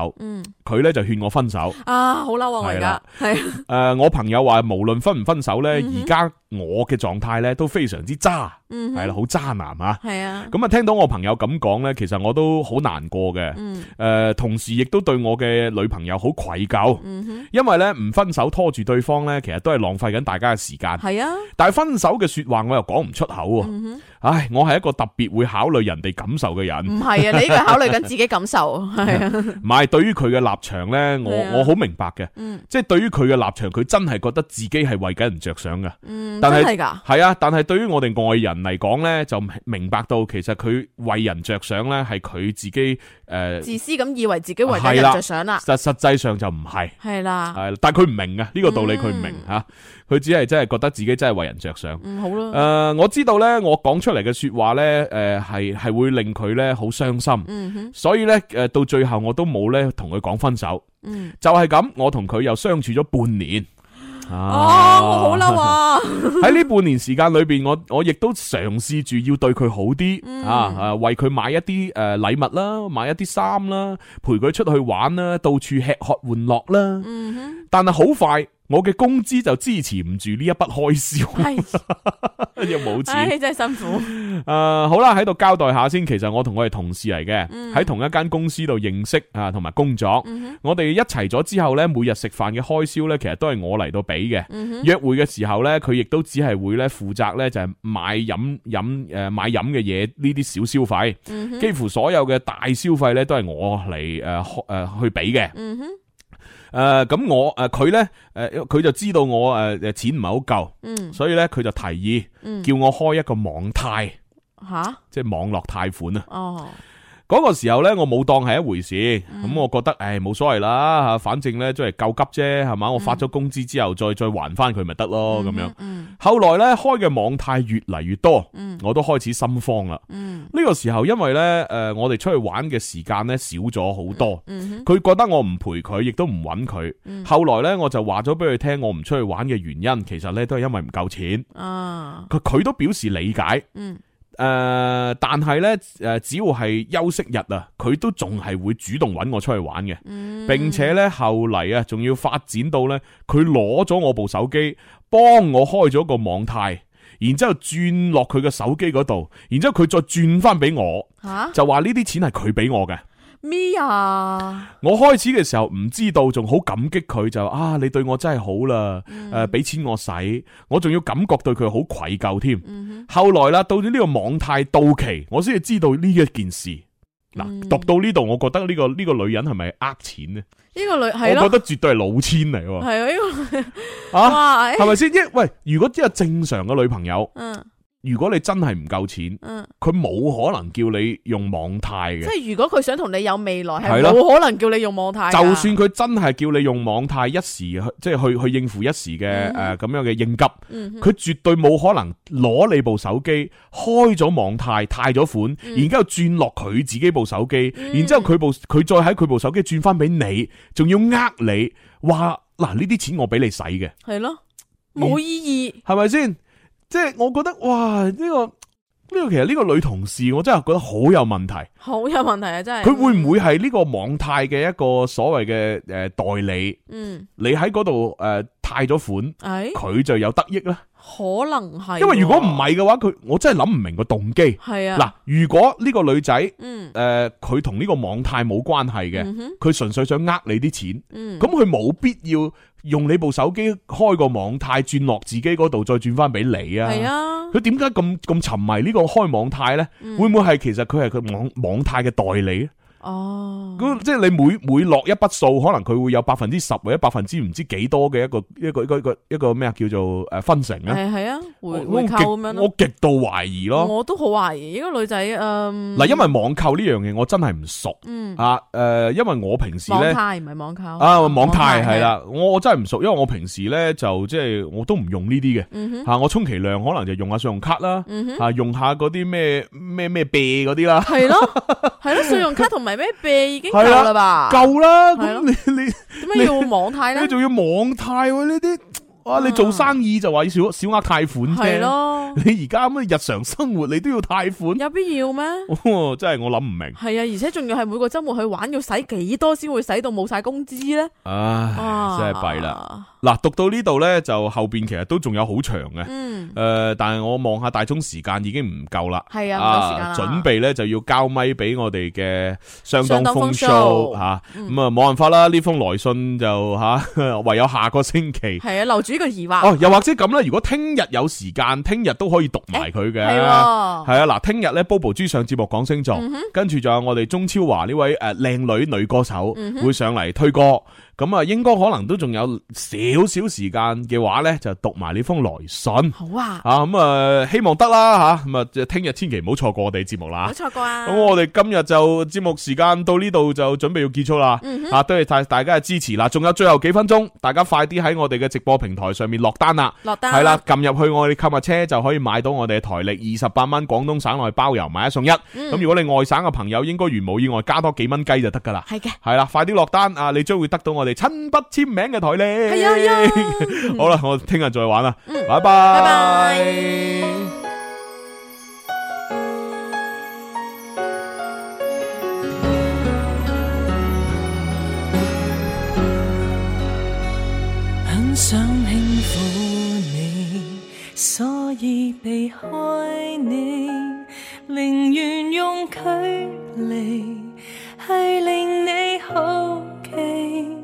佢、嗯、呢就勸我，嗯、我分手。啊，好嬲啊，我而家係誒，我朋友話無論分唔分手呢，而、嗯、家我嘅狀態呢都非常之渣。係、嗯、啦，好渣男啊！係啊，咁啊，聽到我朋友咁講呢，其實我都好難過嘅。誒、嗯呃，同時亦都對我嘅女朋友好愧疚，嗯、因為呢唔分手拖住對方呢，其實都係浪費緊大家嘅時間。係啊，但係分手嘅說話我又講唔出口。嗯唉，我係一個特別會考慮人哋感受嘅人。唔係啊， 你呢個考慮緊自己感受係啊。唔係，對於佢嘅立場呢，我我好明白嘅。即係對於佢嘅立場，佢、啊嗯即係、真係覺得自己係為緊人着想噶。嗯，但真係係啊，但係對於我哋外人嚟講呢，就明白到其實佢為人着想呢，係佢自己誒、呃、自私咁以為自己為人着想啦、啊。實實際上就唔係。係啦。係。但係佢唔明啊，呢、呢個道理佢唔明吓。嗯佢只係真係覺得自己真係為人着想、嗯，好啦。誒、呃，我知道咧，我講出嚟嘅說話咧，誒係係會令佢咧好傷心、嗯，所以咧，誒、呃、到最後我都冇咧同佢講分手，嗯，就係、是、咁，我同佢又相處咗半年，啊、哦好啦，喺呢、啊、 半年時間裏邊，我我亦都嘗試住要對佢好啲、嗯，啊誒，為佢買一啲誒禮物啦，買一啲衫啦，陪佢出去玩啦，到處吃喝玩樂啦，嗯哼。但係好快。我嘅工資就支持唔住呢一筆開銷， 又冇沒錢 真係辛苦、呃。誒，好啦，喺度交代下先。其實我同我哋同事嚟嘅，喺、嗯、同一間公司度認識啊，同埋工作。嗯、我哋一齊咗之後咧，每日食飯嘅開銷咧，其實都係我嚟到俾嘅。約會嘅時候咧，佢亦都只係會咧負責咧，就係、呃、買飲飲誒買飲嘅嘢呢啲小消費、嗯。幾乎所有嘅大消費咧，都係我嚟誒誒去俾嘅。嗯誒、呃，咁我誒佢咧，誒、呃、佢、呃、就知道我誒誒錢唔係好夠，嗯，所以咧佢就提議叫我開一個網貸，吓、嗯，即係網絡貸款啊。哦嗰、那個時候呢，我冇當係一回事，咁、嗯、我覺得誒冇所謂啦吓，反正呢都係救急啫，係嘛、嗯，我發咗工資之後再再還翻佢咪得咯，咁樣、嗯嗯。後來呢，開嘅網貸越嚟越多、嗯，我都開始心慌啦。呢、嗯這個時候因為呢，誒我哋出去玩嘅時間呢少咗好多，佢、嗯嗯嗯、覺得我唔陪佢，亦都唔搵佢。後來呢，我就話咗俾佢聽，我唔出去玩嘅原因，其實呢都係因為唔夠錢。佢佢都表示理解。嗯誒、呃，但係咧，誒、呃，只要係休息日啊，佢都仲係會主動揾我出去玩嘅、嗯，並且咧後嚟啊，仲要發展到咧，佢攞咗我部手機，幫我開咗個網貸，然之後轉落佢嘅手機嗰度，然之後佢再轉翻俾我，啊、就話呢啲錢係佢俾我嘅。咩啊！我開始嘅時候唔知道，仲好感激佢就啊，你對我真係好啦。誒、嗯，俾、呃、錢我使，我仲要感覺對佢好愧疚添、嗯。後來啦，到咗呢個網貸到期，我先至知道呢一件事。嗱、嗯，讀到呢度，我覺得呢、這個呢、這個女人係咪呃錢呢？呢、這個女係我覺得絕對係老千嚟喎。係 啊，呢個啊係咪先？一、yeah, 喂，如果只係正常嘅女朋友。嗯。如果你真係唔夠錢，佢、嗯、冇可能叫你用網貸嘅。即係如果佢想同你有未來，係冇可能叫你用網貸。就算佢真係叫你用網貸一時去，即係去去應付一時嘅誒咁樣嘅應急，佢、嗯、絕對冇可能攞你部手機開咗網貸貸咗款，然之後轉落佢自己部手機，嗯、然之後佢部佢再喺佢部手機轉翻俾你，仲要呃你話嗱，呢啲錢我俾你使嘅，係咯，冇意義、嗯，係咪先？即係我覺得哇呢、呢個呢個其實呢個女同事我真係覺得好有問題，好有問題啊！真係佢會唔會係呢個網貸嘅一個所謂嘅誒代理？嗯，你喺嗰度誒貸咗款，誒、欸、佢就有得益啦。可能係因為如果唔係嘅話，佢我真係諗唔明個動機。係啊，嗱，如果呢個女仔，嗯誒，佢同呢個網貸冇關係嘅，佢、嗯、純粹想呃你啲錢，嗯，咁佢冇必要。用你部手機開個網貸轉落自己嗰度，再轉翻俾你啊！係啊，佢點解咁咁沉迷呢個開網貸呢？會唔會係其實佢係佢網網貸嘅代理咧？哦，即係你每每落一筆數，可能佢會有百分之十或者百分之唔知幾多嘅一個一個一個一個咩啊叫做誒分成啊？係啊，回回扣咁樣。我極度懷疑咯，我都好懷疑。呢、這個女仔誒，嗱、嗯，因為網購呢樣嘢我真係唔熟。啊、嗯、誒，因為我平時咧，網太唔係網購啊，網太係啦。我我真係唔熟，因為我平時咧就即係我都唔用呢啲嘅。吓、嗯、我充其量可能就用下信用卡啦。啊、嗯、用下嗰啲咩咩咩弊嗰啲啦。係咯係咯，信 用卡同埋。咩病已經夠啦，夠啦、啊，咁你你點解要網貸咧？你仲要網貸呢啲？你哇、啊！你做生意就話要少少額貸款啫，係咯？你而家乜日常生活你都要貸款，有必要咩、哦？真係我諗唔明。係啊，而且仲要係每個周末去玩要使幾多先會使到冇晒工資咧？啊真係弊啦！嗱，讀到呢度咧，就後邊其實都仲有好長嘅。嗯，誒、呃，但係我望下大鐘時間已經唔夠啦。係啊，準備咧就要交咪俾我哋嘅相當風騷吓、嗯，咁啊冇辦法啦。呢封來信就吓、啊，唯有下個星期係啊，呢個疑惑哦，又或者咁咧？如果聽日有時間，聽日都可以讀埋佢嘅。係、欸、啊，嗱，聽日咧，Bobo 豬上節目講星座，嗯、哼跟住仲有我哋中超華呢位誒靚、呃、女女歌手、嗯、哼會上嚟推歌。咁啊，應該可能都仲有少少時間嘅話呢，就讀埋呢封來信。好啊，啊咁啊，希望得啦吓，咁啊，聽日千祈唔好錯過我哋節目啦。冇錯過啊！咁我哋今日就節目時間到呢度就準備要結束啦。嗯、啊，多謝大大家嘅支持啦！仲有最後幾分鐘，大家快啲喺我哋嘅直播平台上面落單啦。落單係啦，撳入去我哋購物車就可以買到我哋台曆二十八蚊廣東省內包郵買一送一。咁、嗯、如果你外省嘅朋友，應該如無意外加多幾蚊雞就得噶啦。係嘅。係啦，快啲落單啊！你將會得到我。我哋親筆簽名嘅台曆，係啊係啊，好啦，我聽日再玩啦，嗯、拜拜，拜拜、嗯。很、嗯、想輕撫你，所以避開你，寧願用距離，係令你好奇。